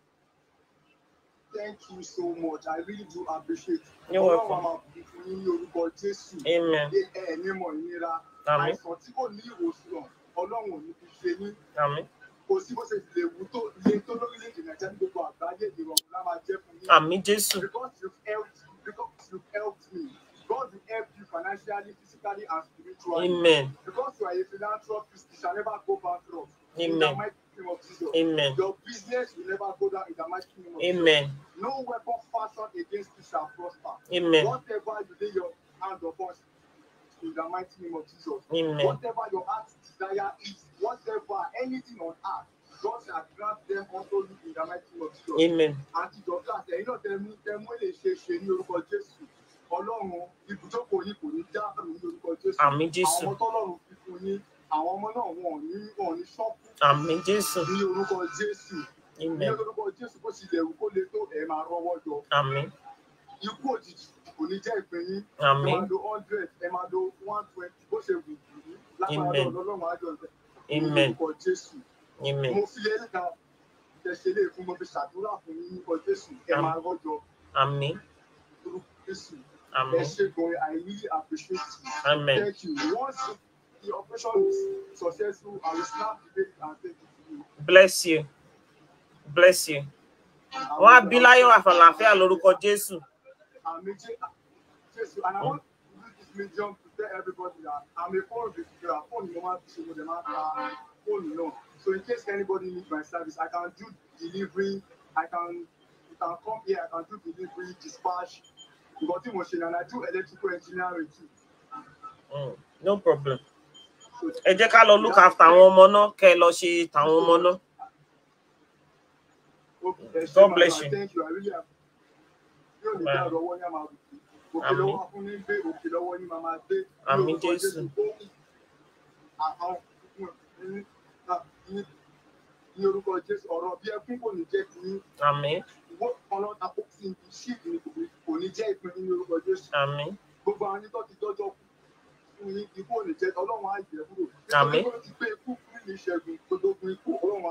Thank you so much. I really do appreciate. You're welcome. Amen àìsàn tí kò ní ìwòsàn ọlọ́run ò ní fi ṣe yín kò sí bó ṣe lè wú tó iye tó lórílẹ̀-èdè nàìjíríà ní gbogbo àgbáyé ìrọ̀rùn lá máa jẹ́ fún yín. àmín jésù. because you helped because you helped me God will help you financially physically and spiritually. amen. because you are a philanthropist you shall never go bankrupt. amen. Amen. Your business will never go down in the mighty name of Amen. Jesus. No weapon fashioned against you shall prosper. Amen. Whatever you lay your hand upon in the mighty name of Jesus. Amen. Whatever your heart's desire is, whatever, anything on earth, God shall grant them unto you in the mighty name of Jesus. Amen. Àti ìjọba àtẹ̀yìn náà tẹ̀mú tẹ̀mú lè ṣe ṣe ní orúkọ Jésù. Ọlọ́run ibùjókòó yìí kò ní dáàbò ní orúkọ Jésù. Àmín Jésù. Àwọn tọ́lọ́run fi Amen. yín. Àwọn ọmọ náà wọn ò ní wọn ò ní ṣọ́kù. Àmín Jésù. Ní orúkọ Jésù. Amen. Ní orúkọ Jésù bó ti lẹ̀ wù kó le tó ẹ̀ máa rọwọ́ jọ. Àmín. Ikú òjijì kò ní jẹ́ ìpín yín ẹ Amen. Amen. Amen. ẹ máa do bless you bless you wọn á bí láyọ̀ àfàlàfíà lórúkọ jésù. I'm Michi. Yes, and I want to use this medium to tell everybody that I'm a phone visitor. Phone normal people, them phone no. So in case anybody needs my service, I can do delivery. I can you can come here. I can do delivery, dispatch, body machine, and I do electrical engineering too. Mm, no problem. ẹ jẹ́ ká lọ look after àwọn ọmọ náà kẹ́ ẹ lọ ṣe tàwọn ọmọ náà. God bless you yóò lè dá lọ́wọ́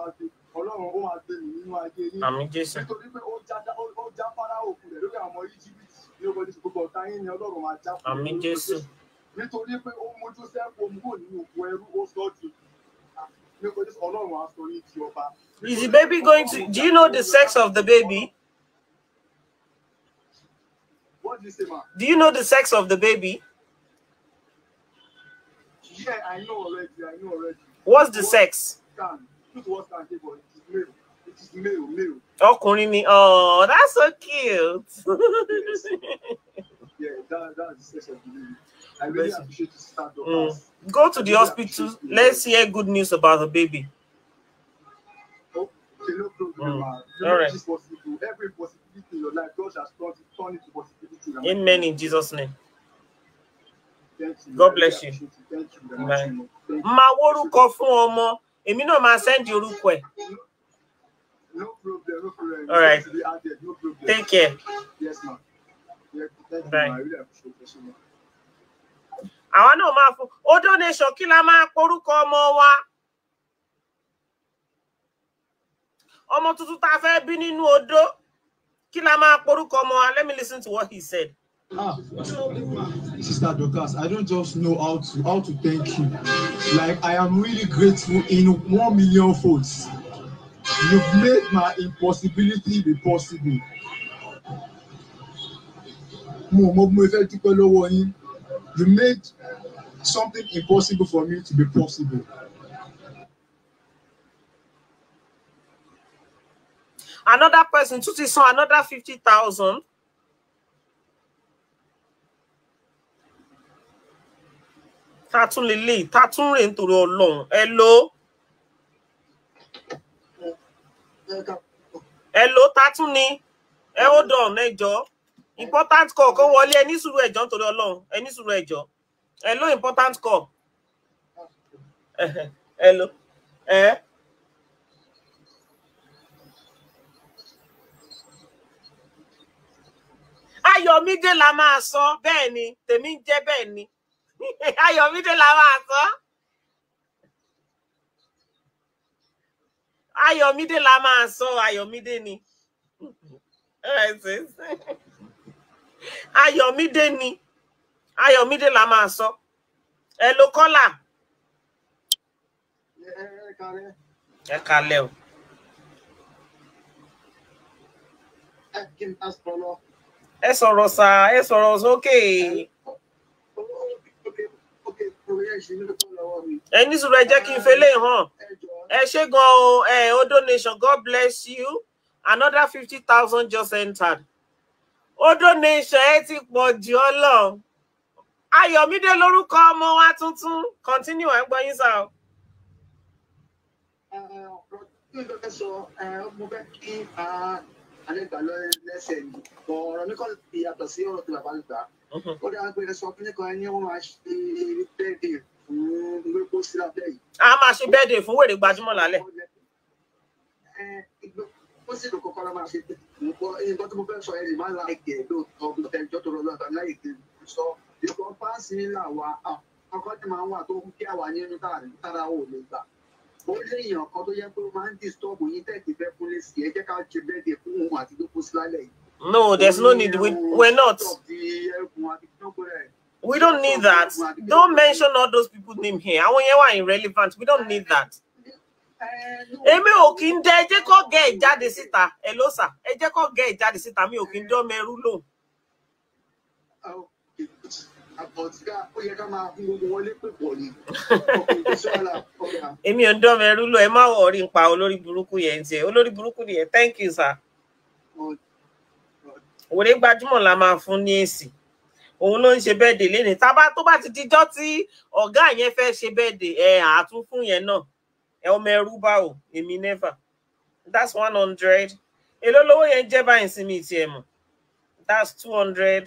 ní ọlọ́run ó gbé mi nínú ayé yín jésù nítorí pé ó já ó já fara òkú rẹ̀ lórí àwọn íjíbítì ní ọgbọ́n jésù ni ogbon máa já fún àmín jésù nítorí nitori mójú sẹ́kù moju ẹrú ó sọ́ ju ní ọgbọ́n ọlọ́run á sọ yín ọba. Is the baby going to? Do you know the sex of the baby? What do you say, ma? Do you know the sex of the baby? Yeah, I know already. I know already. What's the sex? Oh, ni oh that's so cute. yeah, that, that's I really appreciate Stand up mm. Go to the hospital. Let's hear good news about the baby. Oh, mm. You All right. Possible. Every possibility in your life, God has it, it to possibility. Amen in Jesus' name. Thank you. God bless you. you. Thank you. Thank you. Thank you. Thank you. Thank you. èmi náà máa you orúkọ ẹ̀. All right. No problem. Take care. Yes, ma'am. thank you, I really appreciate it so much àwọn náà máa fún ó donation kí la máa porúkọ ọmọ wa ọmọ tuntun tá a fẹ́ bí nínú odó kí la máa porúkọ ọmọ wa let me listen to what he said. Ah, Sister Dorcas, I don't just know how to how to thank you. Like I am really grateful in one million folds. You've made my impossibility be possible. Mo mo mo fẹ́ dúpẹ́ lọ́wọ́ yín. You made something impossible for me to be possible. Another person tún ti san another fifty thousand. tá a tún lè lè tá a tún rè nítorí Ọlọ́run ẹ ló ẹ ló tá a tún ní ẹ ó dàn ẹjọ́ important call kó wọlé ẹ ní sùúrù ẹjọ́ nítorí Ọlọ́run ẹ ní sùúrù ẹjọ́ ẹ ló important call ẹ ló ẹ. Ayọ̀mídé la máa sọ bẹ́ẹ̀ ni tèmi ń jẹ́ bẹ́ẹ̀ ni. Ayọ̀mídé la máa sọ. Ayọ̀mídé la máa sọ Ayọ̀mídé ni. Ayọ̀mídé ni. Ayọ̀mídé la máa sọ. Ẹ lo kọ́là. Ẹ kalẹ̀ o. Ẹ sọ̀rọ̀ sá, ẹ sọ̀rọ̀ sókè. Okay ẹ ní sùúrù ẹ jẹ́ kí n fẹlẹ hàn ẹ ṣé gan o ẹ o donation god bless you another fifty thousand just entered o donation ẹ ti pọ̀ jù ọ lọ ayọ̀mídé lórúkọ ọmọ wa tuntun continue ẹ gbọ́ yín sá o. ọ̀rọ̀ mi kọ́ ìyàtọ̀ sí ọ̀rọ̀ tí bàbá gbà ó dáa pé ẹ sọ pé nìkan ẹni wọn máa ṣe bẹ́ẹ̀dì fún gbogbo sílá bẹ́ẹ̀ yìí. a máa ṣe bẹ́ẹ̀dì fún wèrè gbajúmọ̀ lálẹ́. ó sì lò kọ́kọ́ la máa ṣe nǹkan tó mo fẹ́ sọ ẹ̀ lè má láìkẹ́ lóòótọ́ mo fẹ́ jọ́ tó lọ lọ́dọ̀ láìkẹ́ sọ ìkọ́ fáǹsì ńlá wa ọkọ̀ tí máa ń wà tó ń kí àwa No, there's no need. We, we're not. We don't need that. Don't mention all those people's name here. I want yẹn wà irrelevant. We don't need that. Emi ò kí ń dẹ ẹ jẹ́ kó gẹ ìjáde síta. Ẹ ló sà. Ẹ jẹ́ kó Mi ò kí ń dán mẹ́rú lòun. Èmi ò ń dán mẹ́rú lò. Ẹ má wọ̀ rí ń pa olórí burúkú yẹn tiẹ̀. Olórí Thank you, sir òwe gbajúmọ̀ la máa fún ní èsì òun ló ń ṣe bẹ́ẹ̀dẹ̀ lénìí tábà tó bá ti dijọ́ tí ọ̀gá yẹn fẹ́ ṣe bẹ́ẹ̀dẹ̀ ẹ àtún fún yẹn náà ẹ ọmọ ẹrú bá o èmi never that's one hundred èló lówó yẹn jẹ́ báyìí sí mi tiẹ̀ mọ̀ that's two hundred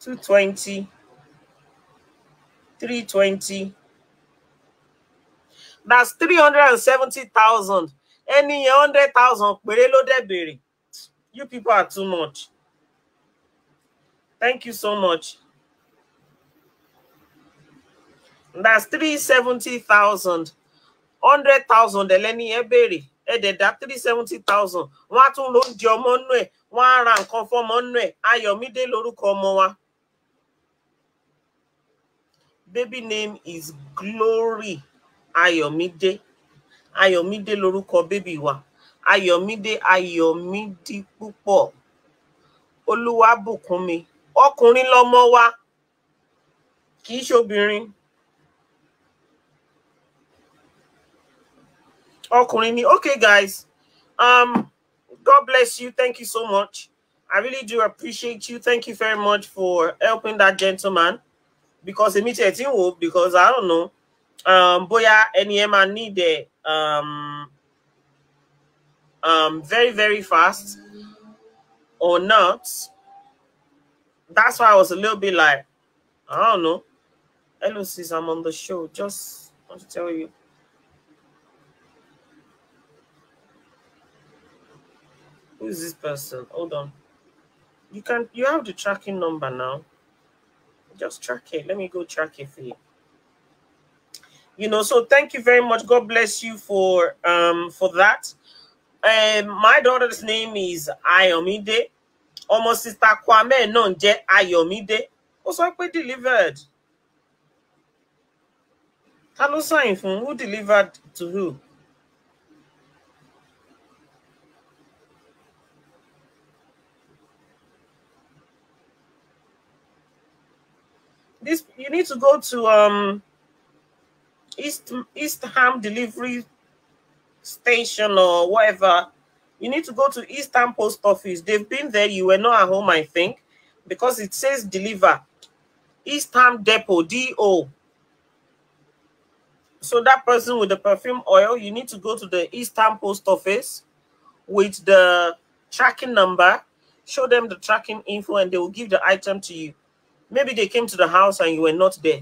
two twenty three twenty that's three hundred and seventy thousand ẹni yẹn hundred thousand péré ló dẹ̀ béèrè You people are too much. Thank you so much. That's 370,000. 100,000 ẹlẹ́ni ẹ béèrè ẹ̀dẹ̀dá 370,000. Wọ́n á tún ló ń di ọmọ nú ẹ̀. Wọ́n á ra nǹkan fọ́mọ nú ẹ̀. Ayọ̀mídé lórúkọ ọmọ wa. Baby name is Glory Ayọ̀mídé. Ayọ̀mídé lórúkọ baby wa ayọmídé ayọmídípúpọ olúwàbùkúnmi ọkùnrin lọmọ wa kì í ṣobìnrin ọkùnrin ni okay guys um god bless you thank you so much i really do appreciate you thank you very much for helping that gentleman because èmi tiẹ̀ ti ń because i don't know um, bóyá ẹni ẹ máa need ẹ um, um, very, very fast or not. That's why I was a little bit like, I don't know. Hello, sis, I'm on the show. Just want to tell you. Who is this person? Hold on. You can you have the tracking number now. Just track it. Let me go track it for you. You know, so thank you very much. God bless you for um for that um, my daughter's name is Ayomide. my sister Kwame náà Ayomide. Also, sọ delivered. Hello, sign Who delivered to who? This you need to go to um East East Ham delivery station or whatever, you need to go to Eastern Post Office. They've been there. You were not at home, I think, because it says deliver. Eastern Depot, D-O. So that person with the perfume oil, you need to go to the Eastern Post Office with the tracking number, show them the tracking info, and they will give the item to you. Maybe they came to the house and you were not there.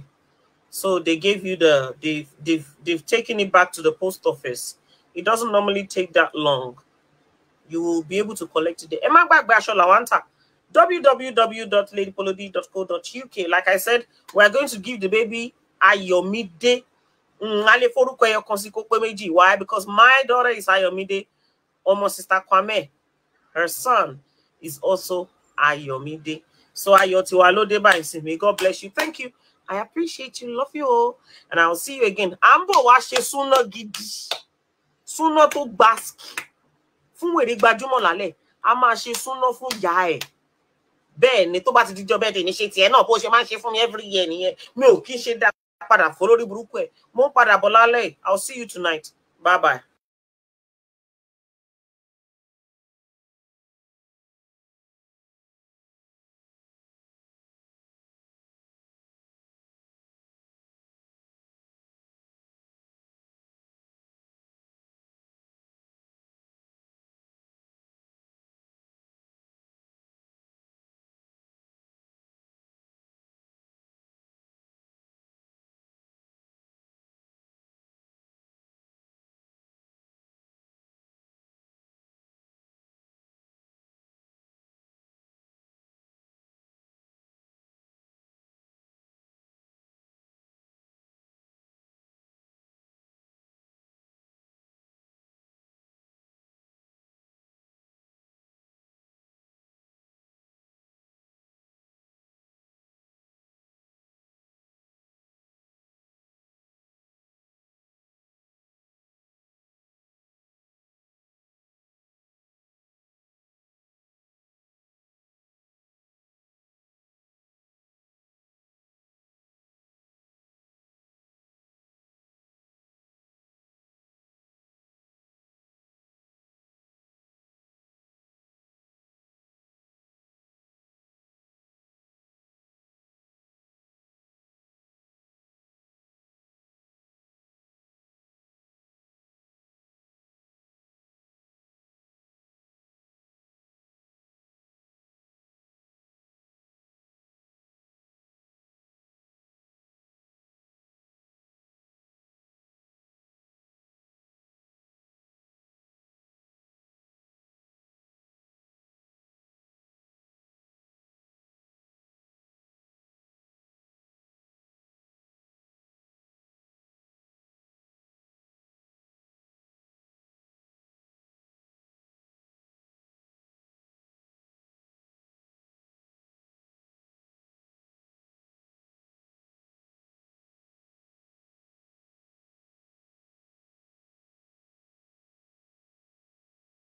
So they gave you the, they've, they've, they've taken it back to the post office it doesn't normally take that long you will be able to collect today ẹ má gbàgbé aṣọ làwọn ń www.ladypolody.co.uk like i said we are going to give the baby Ayomide. Hmm, a lè forúkọ ẹyọ kan sí why because my daughter is ayọ̀mídé ọmọ sister kwame her son is also Ayomide. so ayọ̀ tiwa ló dé god bless you thank you i appreciate you love you all and i will see you again Ambo ń bọ̀ wá gidi súná tó gbàsíkì fún wèrè gbajúmọ̀ lálẹ́ a máa ṣe súná fún ìyá ẹ̀ bẹ́ẹ̀ ni tó bá ti díjọ bẹ́ẹ̀ dèní ṣe tiẹ̀ náà bó ṣe máa ń ṣe fún mi every year nìyẹn mi ò kí ń ṣe dá padà fọ́ burúkú ẹ̀ mo ń padà bọ̀ lálẹ́ I'll see you tonight bye bye.